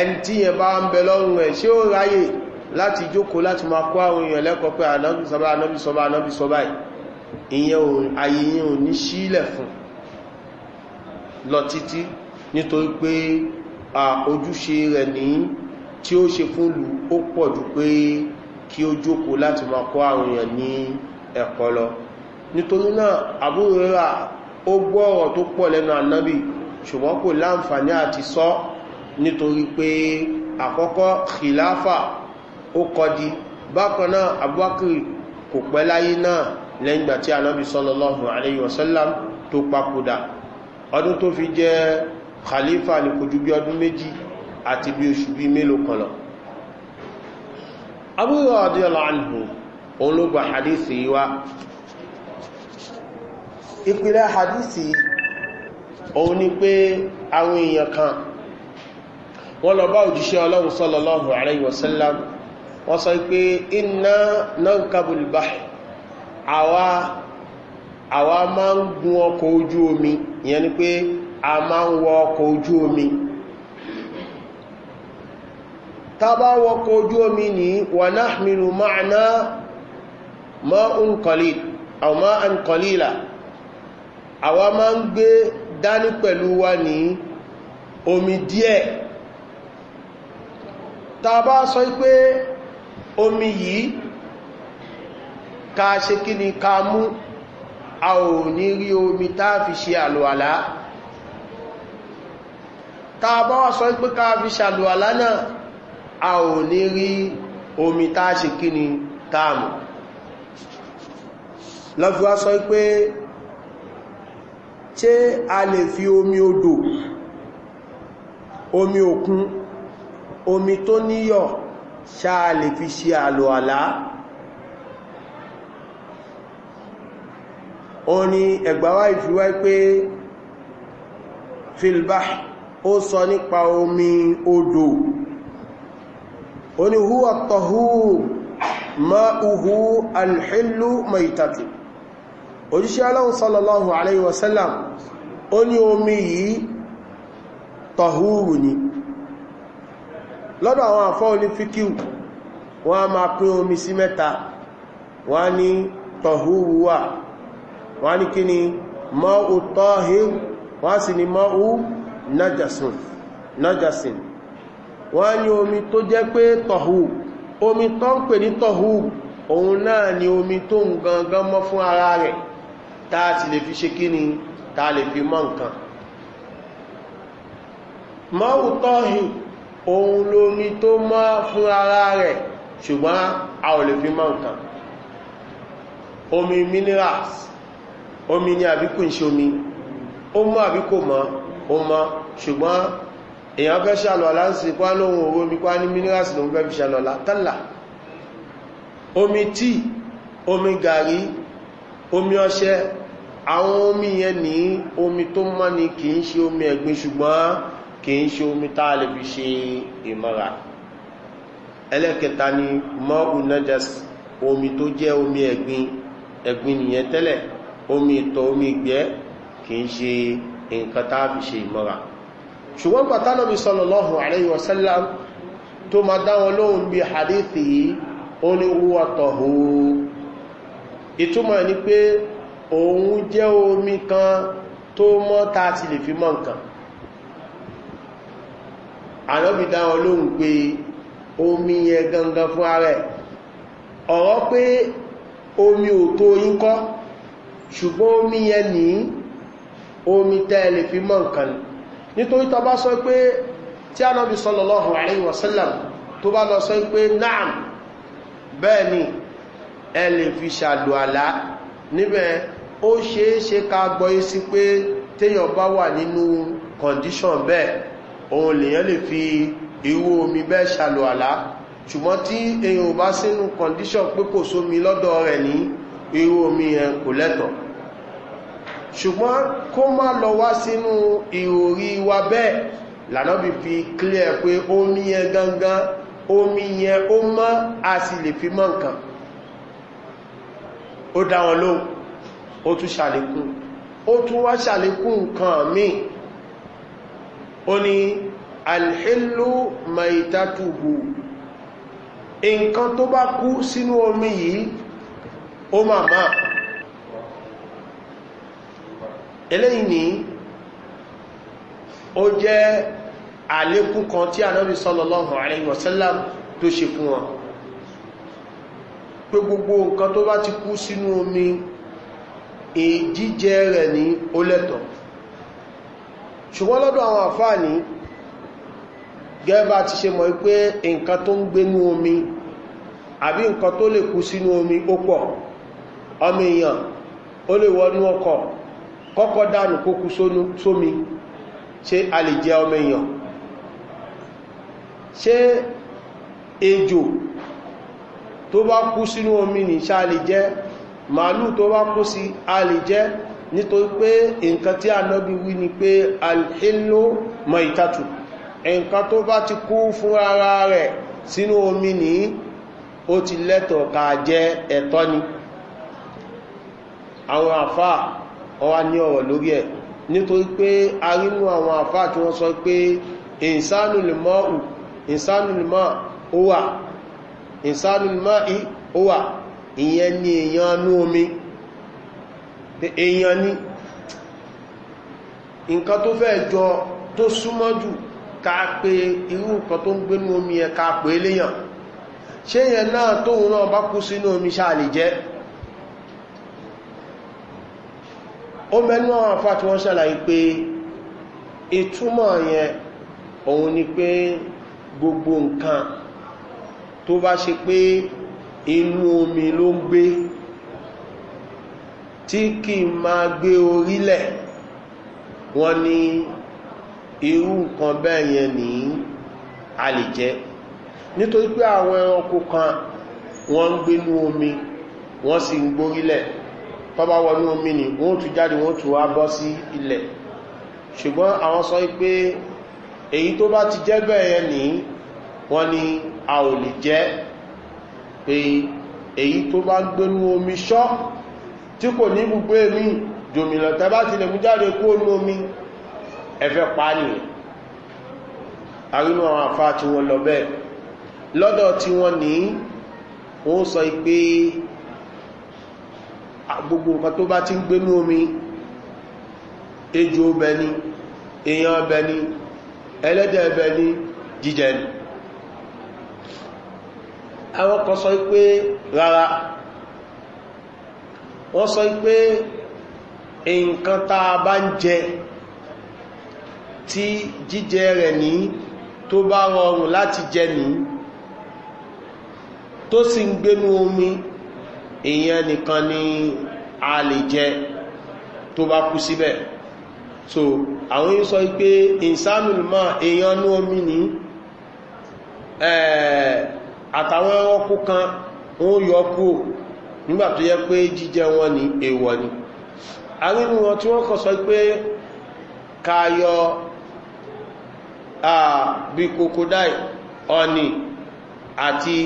ẹni tí yẹn bá ń bẹ lọ́rùn ẹ̀ ṣé ó ráyè láti jókòó láti máa kó àwọn èèyàn lẹ́kọ̀ọ́ pé ànábì sọba ànábì sọba ànábì sọba ìyẹn ayé yẹn ò ní sílẹ̀ fún lọ títí nítorí pé ojúṣe rẹ̀ ní tí ó ṣe fún lù ó pọ̀ jù pé kí ó jókòó láti máa kó àwọn èèyàn ní ẹ̀kọ́ lọ nítorí náà àbúrò rẹ̀ ó gbọ́ ọ̀rọ̀ tó pọ̀ lẹ́nu ànábì ṣùgbọ́n kò láǹfààní àti sọ́ọ́ nítorí pé àkọ́kọ́ khilafa ó kọdí bákanáà abúwákìrì kò pẹ́ láyé náà lẹ́yìngbà tí anábi sọ́lọ́lọ́hùn aléyìn wasallam tó papòdà ọdún tó fi jẹ́ khalifa ní kojú bí ọdún méjì àti bí oṣù bí mélòó kan lọ abúrò ọdíọ̀lọ́ àlùbò òun ló gba hadithi àwọn èèyàn kan wọ́n lọ bá òjíṣẹ́ ọlọ́run sallallahu alaihi wasallam wọ́n sọ pé iná náàkàbùlbà àwa máa ń gun ọkọ̀ ojú omi ìyẹn ni pé a máa ń wọ ọkọ̀ ojú omi tàbá wọkọ̀ ojú omi ní wà náà mìírù máa náà àwa máa ń gbé dání pẹ̀lú wa ní omi díẹ̀ ta bá sọ pé omi yìí ká ṣe kí ni ká mú a ò ní rí omi tá fi ṣe àlùwàlá ta bá wá sọ pé ká fi ṣe àlùwàlá náà a ò ní rí omi tá ṣe kí ni táàmù lọ́fíwá sọ pé ṣe a lè fi omi odò omi òkun omi tó níyọ̀ ṣáà lè fi ṣe àlò àlá ó ní ẹgbàwá ìfìwá pé filba ó sọ nípa omi odò ó ní húwà tọ̀hú ma uhu alhillu maitatu òjíṣẹ́ aláhùn sallallahu alaihi wasallam ó ní omi yìí tọ̀húrù ni lọ́dọ̀ àwọn àfọ́ onífíkíù wọ́n a máa pín omi sí mẹ́ta wọ́n a ní tọ̀húwúwà wọ́n a ní kí ni mọ́ ò tọ́híw wọ́n a sì ní mọ́ ò nájàsìn wọ́n omi tó jẹ́ pé tọ̀hú omi tó ń pè ní tọ̀hú òun náà ni omi tó ń gangan mọ́ fún ara rẹ̀ táà ti lè fi ṣe kí ni táà lè fi mọ́ nǹkan òun lómi tó mọ́ fún ara rẹ̀ ṣùgbọ́n a ò lè fi mọ́ nǹkan omi minerals omi ni àbíkù ń ṣe omi ó mọ́ àbíkò mọ́ ó mọ́ ṣùgbọ́n èyàn fẹ́ ṣàlọ́lá ń sì kwá lóhun owó omi kwá ní minerals lóhun fẹ́ fi ṣàlọ́lá tálà omi tí omi gàrí omi ọṣẹ àwọn omi yẹn ní omi tó mọ́ ni kìí ṣe omi ẹ̀gbin ṣùgbọ́n kìí ṣe omi tá a lè fi ṣe ìmọ́ra ẹlẹ́kẹta ni omi tó jẹ́ omi ẹ̀gbin ẹ̀gbin nìyẹn tẹ́lẹ̀ omi ìtọ̀ omi ìgbẹ́ kìí ṣe nǹkan tá fi ṣe ìmọ́ra ṣùgbọ́n pàtàkì sọlọ́lọ́hùn tó ma dáwọn ànábì dá wọn lóhùn pé omi yẹn gangan fún ara ẹ̀ ọ̀rọ̀ pé omi ò tó yín kọ́ ṣùgbọ́n omi yẹn ní omi tẹ́ẹ̀lẹ̀ fi mọ́ nǹkan nítorí tọba sọ pé tí ànábì sọlọ́lọ́hùn àríwọ̀ sẹ́lẹ̀m tó bá lọ sọ pé náà bẹ́ẹ̀ ni ẹ lè fi ṣàlù àlá níbẹ̀ ó ṣeéṣe ká gbọ́ isi pé téèyàn bá wà nínú kọ̀ndíṣọ̀n bẹ́ẹ̀ òun lèyàn lè fi ìwú omi bẹ́ẹ̀ ṣàlò àlá ṣùgbọ́n tí èyàn bá sínú kọndíṣọ̀n pé kò sómi lọ́dọ̀ rẹ̀ ní ìwú omi yẹn kò lẹ́tọ̀ ṣùgbọ́n kó má lọ wá sínú ìròrí wa bẹ́ẹ̀ lànàbí fi clear pé omi yẹn gangan omi yẹn ó mọ́ a sì lè fi mọ́ nǹkan ó dá wọn lóhun ó tún ṣàlékún ó tún wá ṣàlékún nǹkan míì ó ní alhílù maitatubu nǹkan tó bá kú sínú omi yìí ó màmá eléyìn ní ó jẹ́ àlékún kan tí anábi sọ́lọ́lọ́hùn àrẹ́yìn wọ̀sẹ́lám tó ṣe fún wọn pé gbogbo nǹkan tó bá ti kú sínú omi èjíjẹ rẹ̀ ní ó lẹ́tọ̀ọ́ ṣùgbọ́n lọ́dọ̀ àwọn àfáàní gẹ́bà ti ṣe mọ̀ pé nǹkan tó ń gbénú omi àbí nǹkan tó lè kú sínú omi ó pọ̀ ọmọ èèyàn ó lè wọnú ọkọ̀ kọ́kọ́ dánù kó kú sómi ṣe a lè jẹ ọmọ èèyàn ṣe ejò tó bá kú sínú omi ní lè jẹ màálù tó bá kú sí a lè jẹ́ nítorí pé nǹkan tí ànábí wí ni pé alhílò mọ̀ ìtàtù nǹkan tó bá ti kú fún ara rẹ̀ sínú omi ní ó ti lẹ́tọ̀ ká jẹ́ ẹ̀tọ́ ni àwọn àfá ọwá ní ọ̀rọ̀ lórí ẹ̀ nítorí pé a rínú àwọn àfá tí wọ́n sọ pé ìsánulùmọ́ ìyẹn ni èèyàn nú omi èèyàn ni nǹkan tó fẹ́ jọ tó súnmọ́ jù ká pé irú nǹkan tó ń gbé ní omi ẹ ká pé léyàn ṣe yẹn náà tóhun náà bá kú sínú omi ṣáà jẹ́ ó mẹ́nu àfá tí wọ́n ṣàlàyé pé ìtumọ̀ yẹn òun ni pé gbogbo nǹkan tó bá ṣe pé inú omi ló ń gbé tí kí n máa gbé orílẹ̀ wọ́n ní irú nǹkan bẹ́ẹ̀ yẹn ní a lè jẹ́ nítorí pé àwọn ẹranko kan wọ́n ń gbénú omi wọ́n sì ń gbórílẹ̀ tọ́bá wọnú omi ni wọ́n tún jáde wọ́n tún wá bọ́ sí ilẹ̀ ṣùgbọ́n àwọn sọ pé èyí tó bá ti jẹ́ bẹ́ẹ̀ yẹn wọ́n ní a ò lè jẹ́ pé èyí tó bá gbénú omi ṣọ́ tí kò ní gbogbo èmì jòmìnà tàbá ti lè mú jáde kó ní omi ẹ̀fẹ́ pàánì àrínú àwọn àfá tí wọ́n lọ bẹ́ẹ̀ lọ́dọ̀ tí wọ́n ní wọ́n sọ pé gbogbo nǹkan tó bá ti ń gbé ní omi ejò ọbẹ̀ ni èèyàn ẹlẹ́dẹ̀ ọbẹ̀ ni àwọn kan sọ pé rárá wọ́n sọ pé nǹkan ta bá ń jẹ tí jíjẹ rẹ̀ ní tó bá rọrùn láti jẹ ní tó sì ń gbénú omi èèyàn nìkan ni a lè jẹ tó bá kú síbẹ̀ so àwọn yìí sọ pé ìsánùlùmọ́ èèyàn ní omi ní àtàwọn ẹranko kan wọ́n yọ kúrò nígbà tó yẹ pé jíjẹ wọn ni èèwọ̀ ni arínú wọn tí wọ́n kọ̀ sọ pé kayọ bí kokodai ọ̀nì àti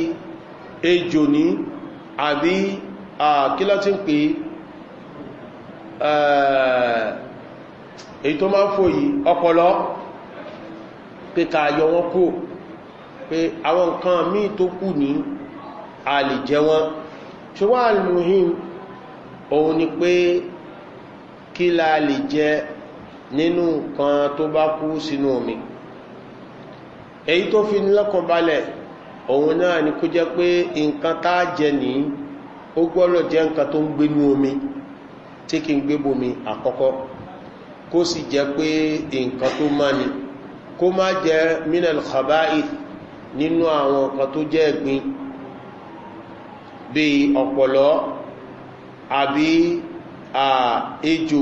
ejò ní àbí kílọ́ tí ń pè èyí tó máa ń fò yìí ọpọlọ pé kayọ wọn kó pé àwọn nǹkan míì tó kù ní a jẹ wọn ṣùgbọ́n alìmọ̀hìn òun ni pé kí la lè jẹ nínú nǹkan tó bá kú sínú omi èyí tó fi ní lọ́kàn balẹ̀ òun náà ni kó jẹ́ pé nǹkan tá jẹ ní ó gbọ́lọ̀ jẹ́ nǹkan tó ń gbé ní omi tí kí ń gbé bomi àkọ́kọ́ kó sì jẹ́ pé nǹkan tó má ni kó má jẹ́ minel khabaith nínú àwọn nǹkan tó jẹ́ ẹ̀gbin bíi ọ̀pọ̀lọ́ àbí ejò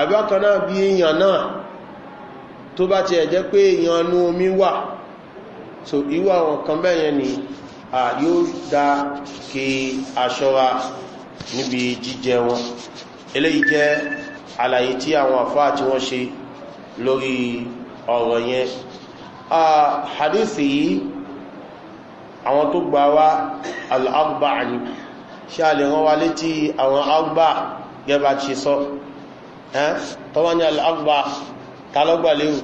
àbákan náà bí èèyàn náà tó bá ti ẹ̀jẹ́ pé èèyàn anú omi wà so ìwà àwọn kan bẹ́yẹn ni a yóò dá kí aṣọ́ra níbi jíjẹ wọn eléyìí jẹ́ àlàyé tí àwọn àfáà tí wọ́n ṣe lórí ọ̀rọ̀ yẹn a hadithi yìí àwọn tó gbà wá al'agba ni ṣe a lè rán wa létí àwọn agba gẹba ti sọ tó wá ní al'agba tálọ́gbà léwu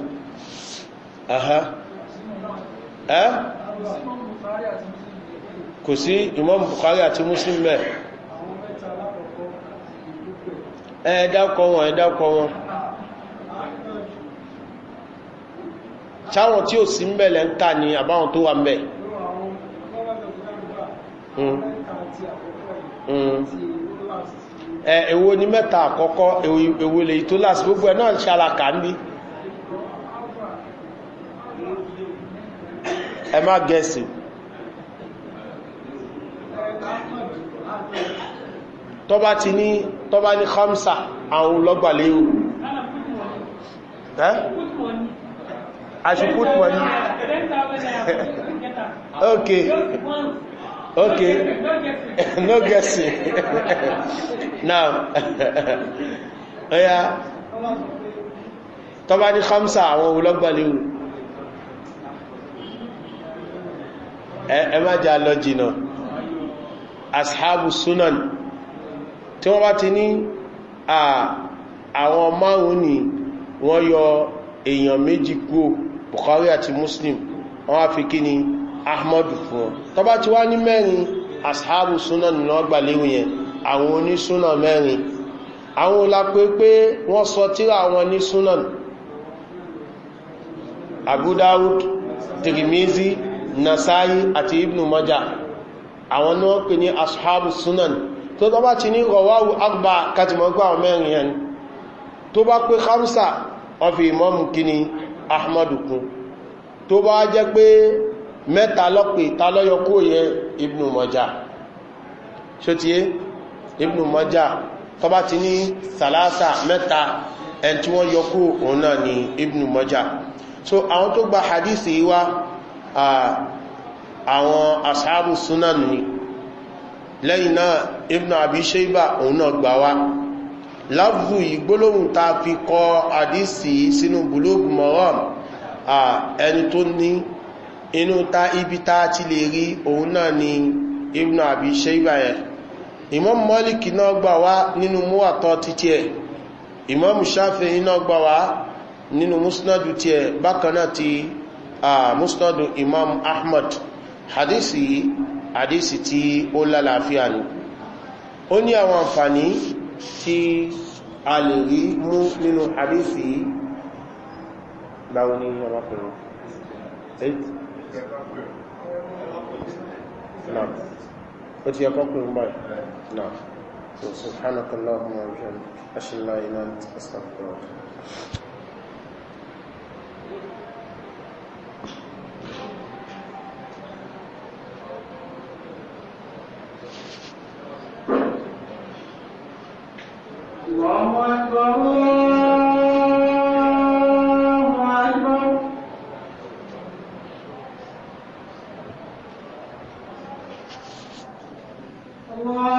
kò sí imam bukari àti muslim mẹ́ ẹ̀ẹ́dákọ̀ wọn ẹ̀ẹ́dákọ̀ wọn ṣáwọn tí ò sí ń ń ta ni àbáwọn tó wà mẹ́ẹ̀ èwo ni mẹ́ta àkọ́kọ́ èwo lè tó láti gbogbo ẹ̀ náà ṣe alaka ń bí ẹ má gẹ̀ẹ́sì tọ́bá ti ní tọ́bá ní khamsa àwọn lọ́gbàlẹ́ ìwò ẹ́ i should put money okay Okay. [LAUGHS] no guessing. now, [LAUGHS] oya. Tọ́ba ní Khamsa àwọn olọ́gbàlẹ̀ o. Ẹ má jẹ́ lọ jìnà. Ashabu Sunan. Tí wọ́n bá ti ní àwọn márùn-ún ni wọ́n yọ èèyàn méjì kúrò, Bukhari àti Muslim, wọ́n á fi kí ni ahmadu fún ọ tọba ti wá ní mẹ́rin asahabu súnà nínú ọgbà léwu yẹn àwọn onísúnà mẹ́rin àwọn olápé pé wọ́n sọ tíra àwọn ní súnà abudawud tirimizi nasayi àti ibnu mọ́já àwọn náà pè ní asahabu súnà tó tọba ti ní rọwáwù agbá kàtìmọ́gbà mẹ́rin yẹn tó bá pé khamsa ahmadu kún tó bá jẹ́ pé mẹ́ta lọ́pẹ̀ ta lọ́yọ kó yẹ ibnu mọ́já ṣótíyé ibnu mọ́já tọba ti ní sàlásà mẹ́ta ẹn tí wọ́n yọ kó òun náà ni ibnu mọ́já so àwọn tó gba hadisi wá àwọn asáàbù súnánù ni lẹ́yìn náà ibnu abishaiba òun náà gbà wá láàbù ìgbólóhùn ta fi kọ hadisi sínú gbólóhùn mọ́rán ẹni tó ní inú ta ibi ta ti lè rí òun náà ni ibn àbí ṣeiba yẹn imam malik náà gbà wá nínú múwàtọ́ títí ẹ̀ imam shafi náà gbà wá nínú musnadu tí ẹ̀ bákanáà ti musnadu imam ahmad hadisi hadisi tí ó lálàáfíà ni ó ní àwọn àǹfàní tí a lè rí mú nínú hadisi báwọn ní ọmọkùnrin 8 نعم قد يقوكم باي نعم سبحانك اللهم وبحمدك أشهد أن لا إله إلا أنت أستغفرك الله أكبر Allah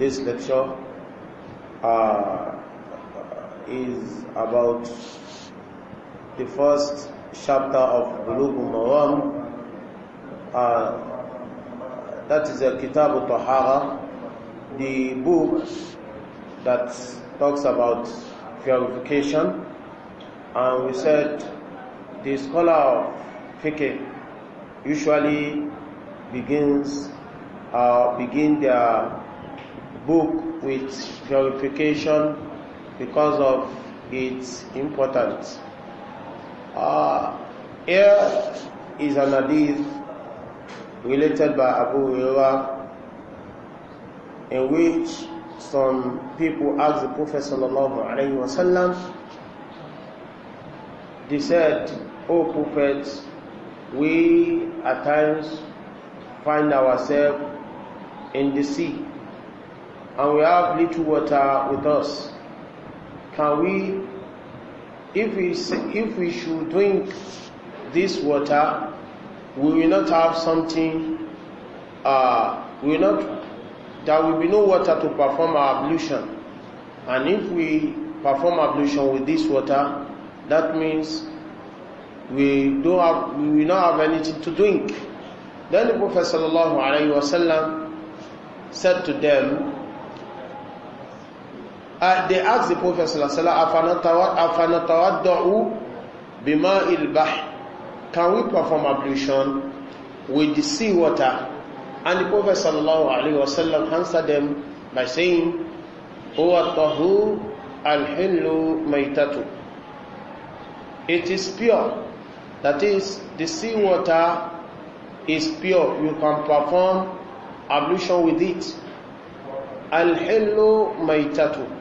today's lecture uh, is about the first chapter of Bulugh Mawam. Uh, that is a Kitab Tahara, the book that talks about purification. And we said the scholar of fiqh usually begins uh, begin their book with purification because of its importance. Uh, here is an hadith related by Abu Hurairah in which some people asked the Prophet sallallahu alaihi wasallam they said O Prophet we at times find ourselves in the sea and we have little water with us, can we, if we, if we should drink this water, we will not have something, uh, we will not, there will be no water to perform our ablution. And if we perform ablution with this water, that means we don't have, we will not have anything to drink. Then the Prophet sallallahu alaihi wasallam said to them, Uh, they ask the Prophet Afanatawadda'u bima ilbah Can we perform ablution with the sea water? And the Prophet wasallam answered them by saying, Huwa tahu al-hillu maitatu. It is pure. That is, the sea water is pure. You can perform ablution with it. Al-hillu maitatu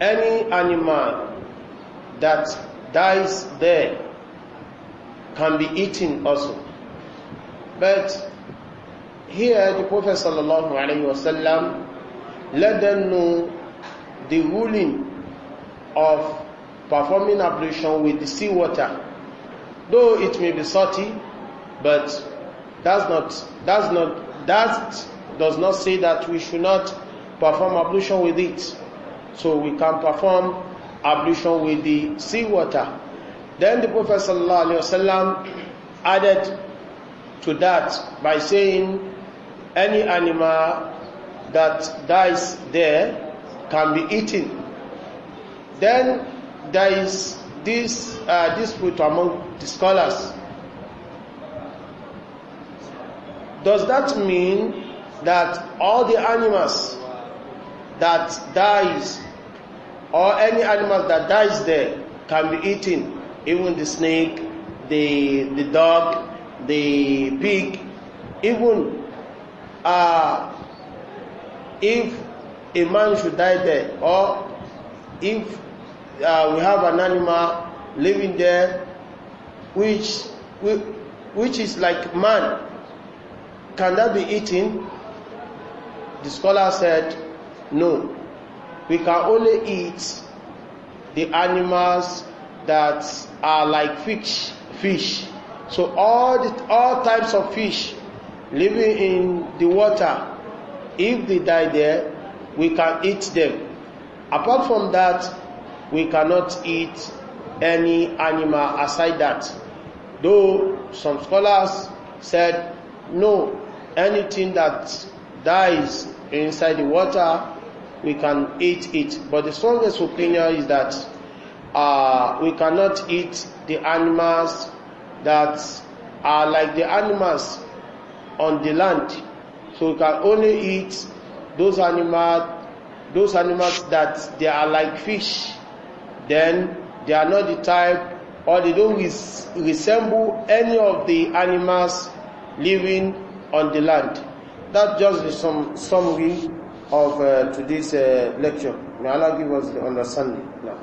any animal that dies there can be eaten also. But here the Prophet sallallahu alayhi wasallam let them know the ruling of performing ablution with the sea water, Though it may be salty, but that's not that's not that does not say that we should not perform ablution with it. So we can perform ablution with the sea water. Then the Prophet ﷺ added to that by saying, any animal that dies there can be eaten. Then there is this uh, dispute among the scholars. Does that mean that all the animals that dies or any animal that dies there can be eaten even the snake the the dog the pig even uh, if a man should die there or if uh, we have an animal living there which which is like man can that be eaten the scholar said no we can only eat the animals that are like fish fish so all the all types of fish living in the water if they die there we can eat them apart from that we cannot eat any animal aside that though some scholars said no anything that dies inside the water we can eat it. But the strongest opinion is that uh, we cannot eat the animals that are like the animals on the land. So we can only eat those animals those animals that they are like fish. Then they are not the type or they don't res resemble any of the animals living on the land. That's just some summary of uh, today's uh, lecture. May Allah give us the understanding. Now.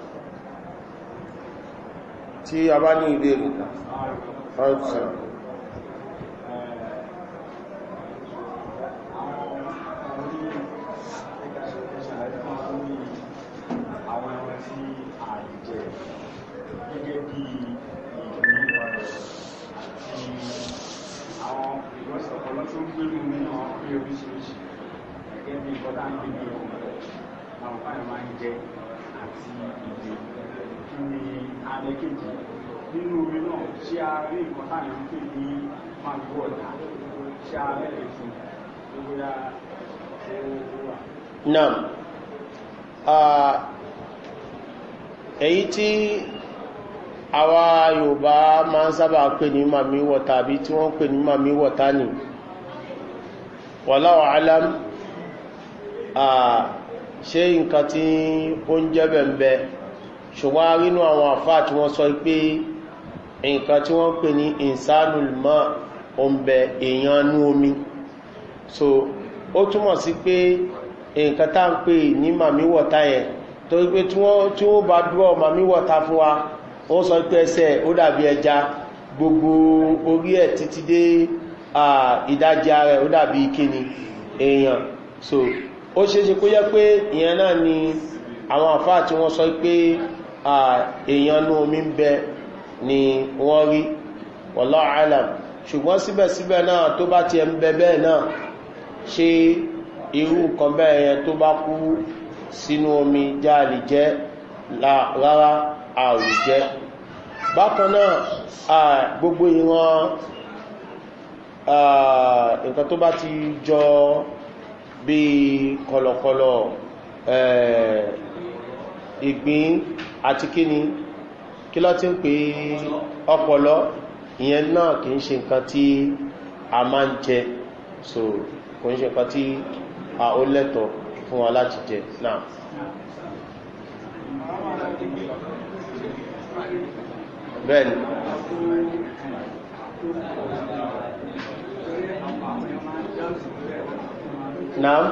Tí a bá ní ìbéèrè náà. Ọ̀rọ̀ sọ̀rọ̀. Àwọn ìwọ̀sọ̀kọ̀ ló tó gbérù nínú àwọn oríṣiríṣi gẹ́gẹ́ bí ìkọ́tà ń gbé bí àwọn fáyà máa ń jẹ àti ìdè kí ni alẹ́ kejì nínú omi náà ṣé a rí nǹkan táyà ń pè ní màgbó ọ̀dà ṣé a rẹ̀ lè fún bóyá ó wà. náà èyí tí àwa yorùbá máa ń sábà pè ní màmí wọ̀tà àbí tí wọ́n pè ní màmí wọ̀tà ni wàláwà alámù ṣe nǹkan tí ó ń jẹ́bẹ̀ ń bẹ ṣùgbọ́n rínú àwọn àfáà tí wọ́n sọ pé nǹkan tí wọ́n pè ní ìsánulmọ́ oúnbẹ èèyàn anú omi so ó túnmọ̀ sí pé nǹkan tá ń pè ní màmíwọ̀ta yẹn torí pé tí wọ́n bá dúró màmíwọ̀ta fún wa ó sọ pé ẹsẹ̀ ó dàbí ẹja gbogbo orí ẹ̀ títí dé ìdájí ara ẹ̀ ó dàbí kíni èèyàn so ó ṣe ṣe kó yẹ pé ìyẹn náà ni àwọn àfáà tí wọ́n sọ pé èèyàn ní omi ń bẹ ni wọ́n rí wọ́lá island ṣùgbọ́n síbẹ̀síbẹ̀ náà tó bá ti ẹ̀ ń bẹ bẹ́ẹ̀ náà ṣe irú nǹkan bẹ́ẹ̀ yẹn tó bá kú sínú omi jáàlì jẹ́ rárá àrùn jẹ́ bákan náà gbogbo ìran nǹkan tó bá ti jọ bíi kọlọkọlọ ìgbín àti kíni kí lọ tí ń pè ọpọlọ ìyẹn náà kì ń ṣe nǹkan tí a máa ń jẹ so kò ń ṣe nǹkan tí a ó lẹ́tọ̀ fún wa láti jẹ náà bẹ́ẹ̀ni naam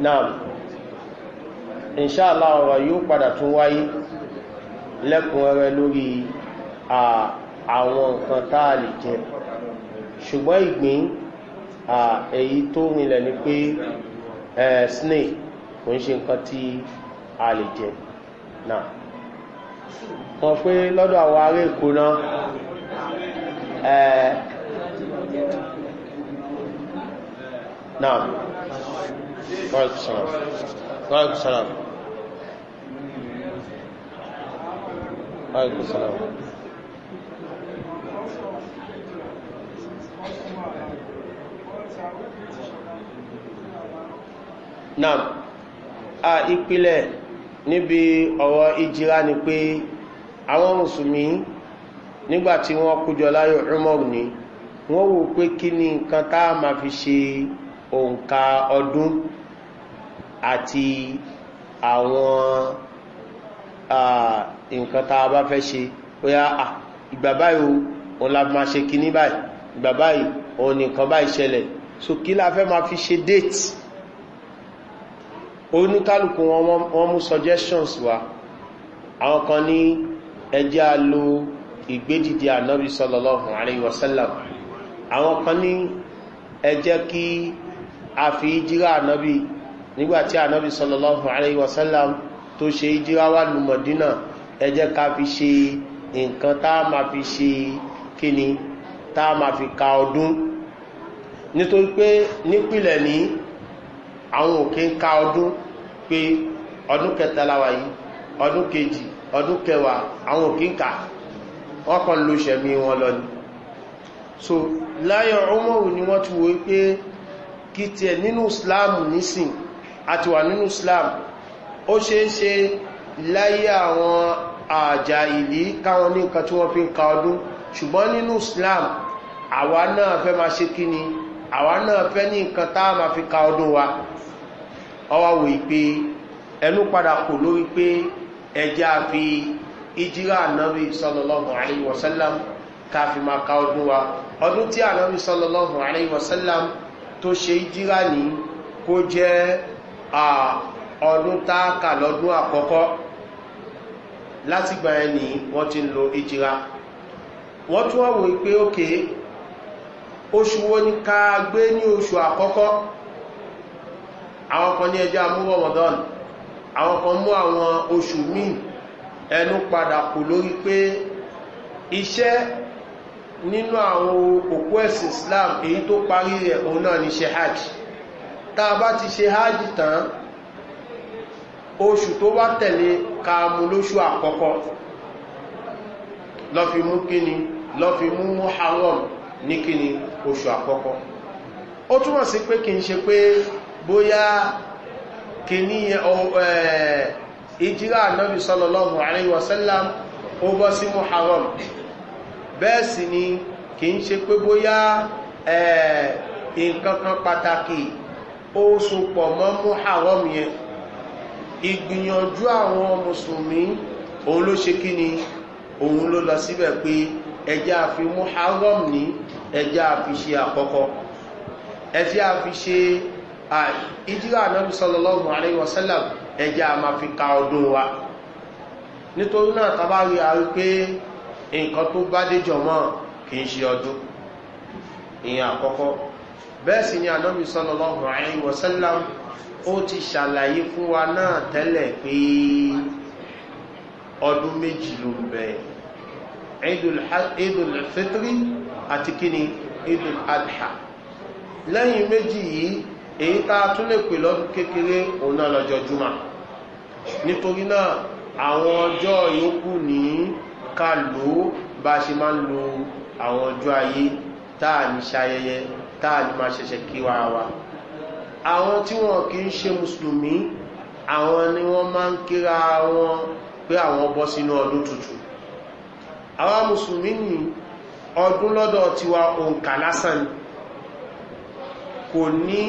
naam inshallah ọ̀rọ̀ yóò padà tún wáyé lẹ́kùn ẹrẹ lórí àwọn nǹkan táà lè jẹ ṣùgbọ́n ìgbín èyí tó rinlẹ̀ ni pé snake kò ń ṣe nǹkan tí a lè jẹ náà sọ pé lọ́dọ̀ àwọn ará èkó náà ẹ̀ náà wàlúkú sàlám wàlúkú sàlám náà a ìpìlẹ̀ níbi ọ̀rọ̀ ìjìrá ni pé àwọn mùsùlùmí nígbàtí wọ́n kójọ láyọ̀ ọmọrùn ni wọ́n wò pé kí ni nǹkan tá a máa fi ṣe òǹkà ọdún àti àwọn nǹkan tá a bá fẹ́ ṣe bóyá ìgbà báyìí òun la máa ṣe kíní báyìí ìgbà òun nìkan báyìí ṣẹlẹ̀ so kí la fẹ́ máa fi ṣe déètì oníkálùkù wọn mú suggestions wa àwọn kan ní ẹjẹ́ a lo ìgbédìde ànábi sọlọ́lọ́hùn àríwá sẹ́lẹ̀m àwọn kan ní ẹjẹ́ kí a fi jíra ànábi nígbàtí ànábi sọlọ́lọ́hùn àríwá sẹ́lẹ̀m tó ṣe jíra wà lùmọ̀dínà ẹjẹ́ ká fi ṣe nǹkan tá a fi ṣe kíni tá a fi ka ọdún nítorí pé nípìnlẹ̀ ní àwọn òkè ń ka ọdún pé ọdún kẹtàláwà yìí ọdún kejì ọdún kẹwàá àwọn òkínká wọ́n kan ló ṣẹ̀mí wọn lọ ni so láyọ̀ ọmọ̀wò ni wọ́n ti wo pé kí tí ẹ̀ nínú islam nísìn àti wà nínú islam ó ṣe é ṣe láyé àwọn àjà ìlú káwọn ní nǹkan tí wọ́n fi ń ka ọdún ṣùgbọ́n nínú islam àwa náà fẹ́ ma ṣe kí ni àwa náà fẹ́ ní nǹkan táà ma fi ka ọdún wa ọwá wò ìpé ẹnu padà kò lórí pé ẹjá fi ìjírà ànábì sọlọ́lọ́hùn àríyí wọ̀sálàm káfí ma ká ọdún wa ọdún tí ànábì sọlọ́lọ́hùn àríyí wọ̀sálàm tó ṣe ìjírà ní kó jẹ́ ọdún táàkà lọ́dún àkọ́kọ́ látìgbà ẹni wọ́n ti lo ìjírà wọ́n tún wọ́n wò pé ókè oṣù wo ni ká gbé ní oṣù àkọ́kọ́ àwọn kan ní ẹjọ́ amúwọ̀ mọ̀dán àwọn kan mú àwọn oṣù míì ẹnu padà kò lórí pé iṣẹ́ nínú àwọn òkú ẹ̀sìn islam èyí tó parí rẹ̀ òun náà ni ṣe hajj tá a bá ti ṣe hajj tán oṣù tó bá tẹ̀lé ka mú lóṣù àkọ́kọ́ lọ mú kíni lọ mú mú haram ní kíni oṣù àkọ́kọ́ ó túnmọ̀ sí pé kí ṣe pé bóyá kìíní ìjírà náàbì sallallahu alaihi wasallam ó bọ́ sí muharram bẹ́ẹ̀ sì ni kì ń ṣe pé bóyá nǹkankan pàtàkì ó sopọ̀ mọ́ muharram yẹn ìgbìyànjú àwọn mùsùlùmí òun ló ṣe kí ni òun ló lọ síbẹ̀ pé ẹjá fi muharram ní ẹjá fi ṣe àkọ́kọ́ ẹjá fi ṣe ìjírà anábì sallallahu alayhi wa sallam ẹja a máa fi ka ọdún wa nítorí náà tàbárí a rí pé nǹkan tó bá déjọ mọ́ kì í ṣe ọdún ìyẹn àkọ́kọ́ bẹ́ẹ̀ sì ni anábì sallallahu alayhi wa sallam ó ti ṣàlàyé fún wa náà tẹ́lẹ̀ pé ọdún méjì ló ń bẹ àti kíni idul lẹ́yìn méjì yìí èyí tá a tún lè pè lọ́dún kékeré òun náà lọ́jọ́ júmà nítorí náà àwọn ọjọ́ yòókù ní ká lò ó bá ṣe máa ń lo àwọn ọjọ́ ayé táà ní ṣayẹyẹ táà ní máa ṣẹ̀ṣẹ̀ kíwà wa àwọn tí wọn kì í ṣe mùsùlùmí àwọn ni wọ́n máa ń kíra wọn pé àwọn bọ́ sínú ọdún tuntun àwọn mùsùlùmí ní ọdún lọ́dọ̀ tiwa òǹkà lásán kò ní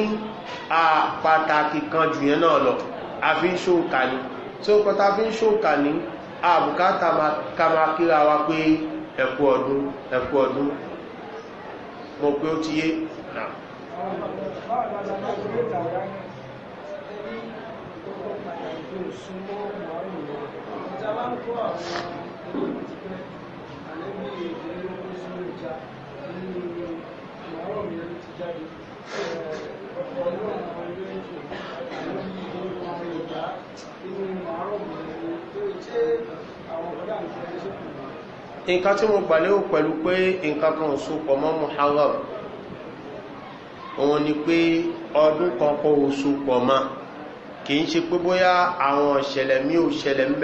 a pàtàkì kan jù yẹn náà lọ a fi ń ṣóǹkà ní tí ó kọta fi ń ṣóǹkà ní àbùkátà ká máa kíra wa pé ẹ̀kú ọdún ẹ̀kú ọdún mo pé ó ti yé náà Thank you. nǹkan tí mo gbàlérò pẹ̀lú pé nǹkan kan ò so pọ̀ mọ́ muharram òun ni pé ọdún kan ò so pọ̀ kì í ṣe pé bóyá àwọn ọ̀ṣẹ̀lẹ̀ mi ò ṣẹlẹ̀ ń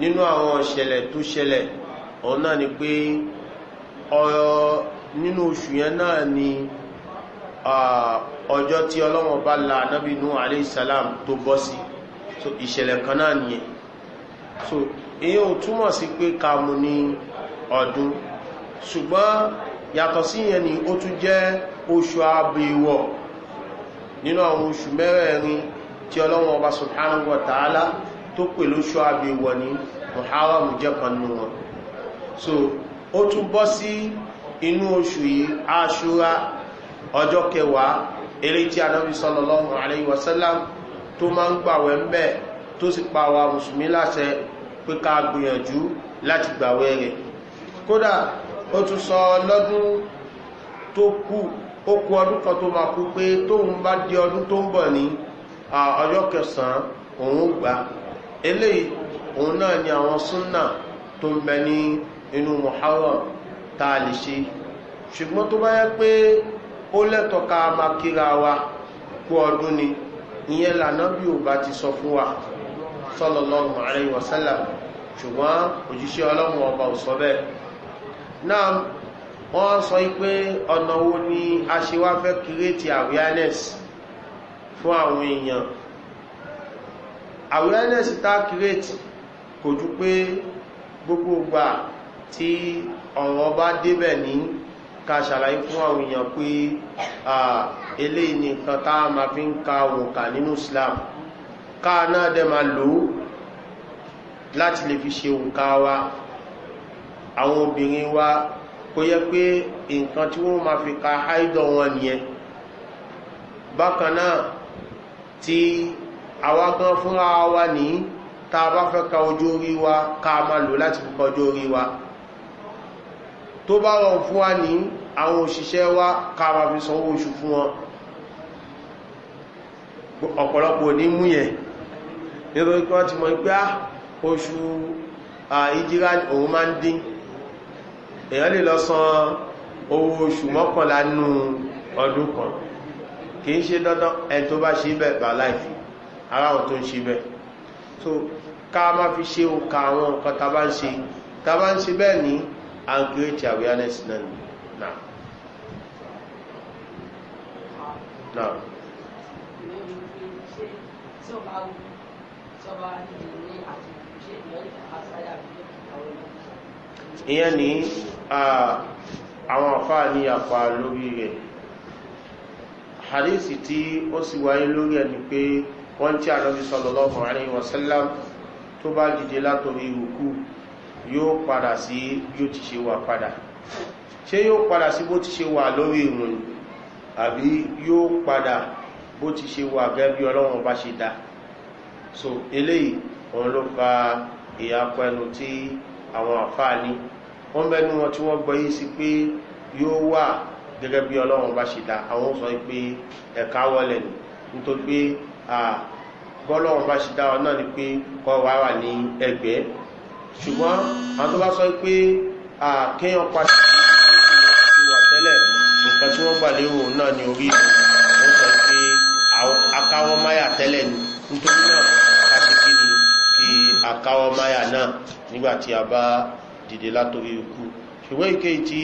nínú àwọn ọ̀ṣẹ̀lẹ̀ tó ṣẹlẹ̀ òun náà ni pé ọ̀rọ̀ nínú oṣù yẹn náà ọjọ́ tí ọlọ́wọ̀n bá la anábì nú aleyhisselam tó bọ́ sí so ìṣẹ̀lẹ̀ kan náà nìyẹn so èyí ò túmọ̀ sí pé ká mú ní ọdún ṣùgbọ́n yàtọ̀ sí yẹn ni ó tún jẹ́ oṣù abèwọ̀ nínú àwọn oṣù mẹ́rẹ̀ẹ̀rin tí ọlọ́wọ̀n ọba subhanahu tó pè lóṣù abèwọ̀ ni muhammadu jẹ́ kan nù wọn so ó tún bọ́ sí inú oṣù yìí aṣúra ọjọ́ kẹwàá eré tí anábì sọlọ́lọ́hùn àlẹ́yìn wàsálàm tó máa ń gbàwẹ̀ ń bẹ̀ tó sì pa wa mùsùlùmí láṣẹ pé ká gbìyànjú láti gbàwẹ̀ rẹ̀ kódà ó tún sọ lọ́dún tó kù ó kú ọdún kan tó máa kú pé tóun bá di ọdún tó ń bọ̀ ní ọjọ́ kẹsàn-án òun gbà eléyìí òun náà ni àwọn súnnà tó ń bẹ ní inú muharram tá a lè ṣe ṣùgbọ́n tó bá yẹ pé ó lẹ́tọ̀ ká máa kíra wa kú ọdún ni ìyẹn lànà bí ti sọ fún wa sallallahu alaihi wasallam ṣùgbọ́n òjíṣẹ́ ọlọ́run ọba ò sọ bẹ́ẹ̀ náà wọ́n sọ ni a ṣe wá fẹ́ awareness fún àwọn èèyàn awareness tá create kò ju pé gbogbo ìgbà tí ọ̀rọ̀ bá débẹ̀ ní ká ṣàlàyé fún àwọn èèyàn pé eléyìí ni nǹkan tá a máa fi ń ka òǹkà nínú islam ká náà dẹ̀ máa lò ó láti lè fi ṣe òǹkà wa àwọn obìnrin wa kò yẹ pé nǹkan tí wọ́n máa fi ka haidọ̀ wọn nìyẹn bákan náà tí àwa gan fúnra wa ní tá bá fẹ́ ka ojú orí wa ká máa lò láti fi ka ojú orí wa tó bá rọ fún wa ní àwọn òṣìṣẹ́ wa káàmà fi sanwó oṣù fún wọn ọ̀pọ̀lọpọ̀ ní mú yẹn nítorí kí wọ́n ti mọ̀ pé ah, oṣù ìjírá òun máa ń dín èyàn lè lọ san owó oṣù mọ́kànlá nínú ọdún kan kìí ṣe dandan ẹni tó bá ṣe bẹ̀ bá láìfì ara wọn tó ń ṣe bẹ̀ so ká má fi ṣe òkà àwọn nǹkan tá bá ń ṣe tá bá ń ṣe bẹ́ẹ̀ ní and create awareness náà náà náà. ìyẹn ni àwọn àfáà ní àpá lórí rẹ̀ hadisi tí ó sì wáyé lórí ẹni pé wọ́n tí a lọ́bí sọ́lọ́lọ́fún àríwọ̀sẹ́lá tó bá dìde látorí ìrùkú yóò padà sí bí ó ti ṣe wà padà ṣé yóò padà sí bó ti ṣe wà lórí ìrùn àbí yóò padà bó ti ṣe wà gẹ́gẹ́ ọlọ́run bá ṣe dá so eléyìí òun ló fa ìyapọ̀ ẹnu tí àwọn àfáà ní wọ́n mẹ́nu wọn tí wọ́n gbọ́ yìí sí pé yóò wà gẹ́gẹ́ bí ọlọ́run bá ṣe dá àwọn sọ pé ẹ̀ka wọlẹ̀ ni nítorí pé bọ́lọ́run bá ṣe dá ọ náà ni pé kọ́ wá wà ní ẹgbẹ́ ṣùgbọ́n àwọn tó bá sọ pé àkéyàn padà sí wà tẹ́lẹ̀ nǹkan tí wọ́n gbàlẹ́ òun náà ni orí ìlú wọ́n sọ pé akáwọ́ máyà tẹ́lẹ̀ ni nítorí náà ká ṣe kí ni kí akáwọ́ máyà náà nígbà tí a bá dìde látòrí ikú ṣùgbọ́n ìkéyìí tí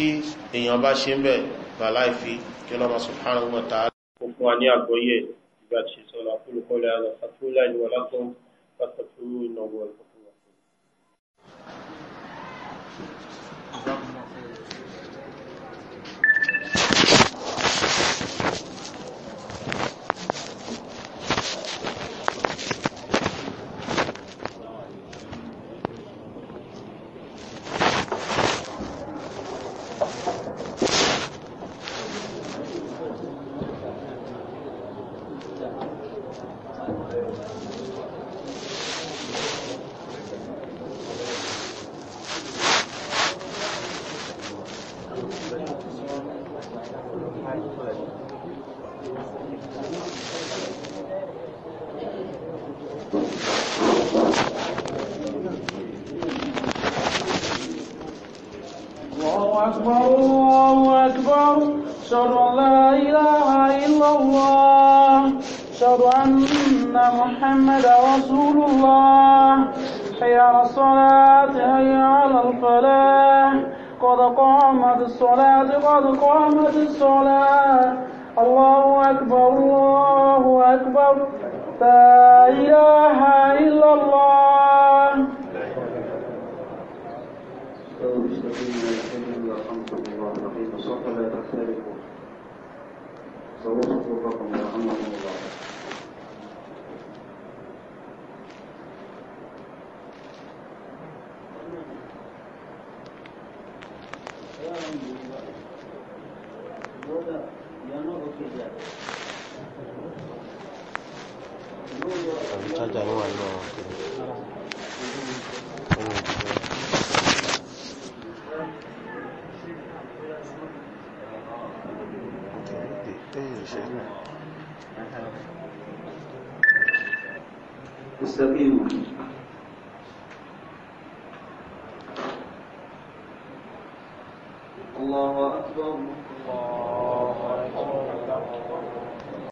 èèyàn bá ṣe ń bẹ̀ bàláìfi kí ọlọ́mọ sùhánù wọn ta Drop more food.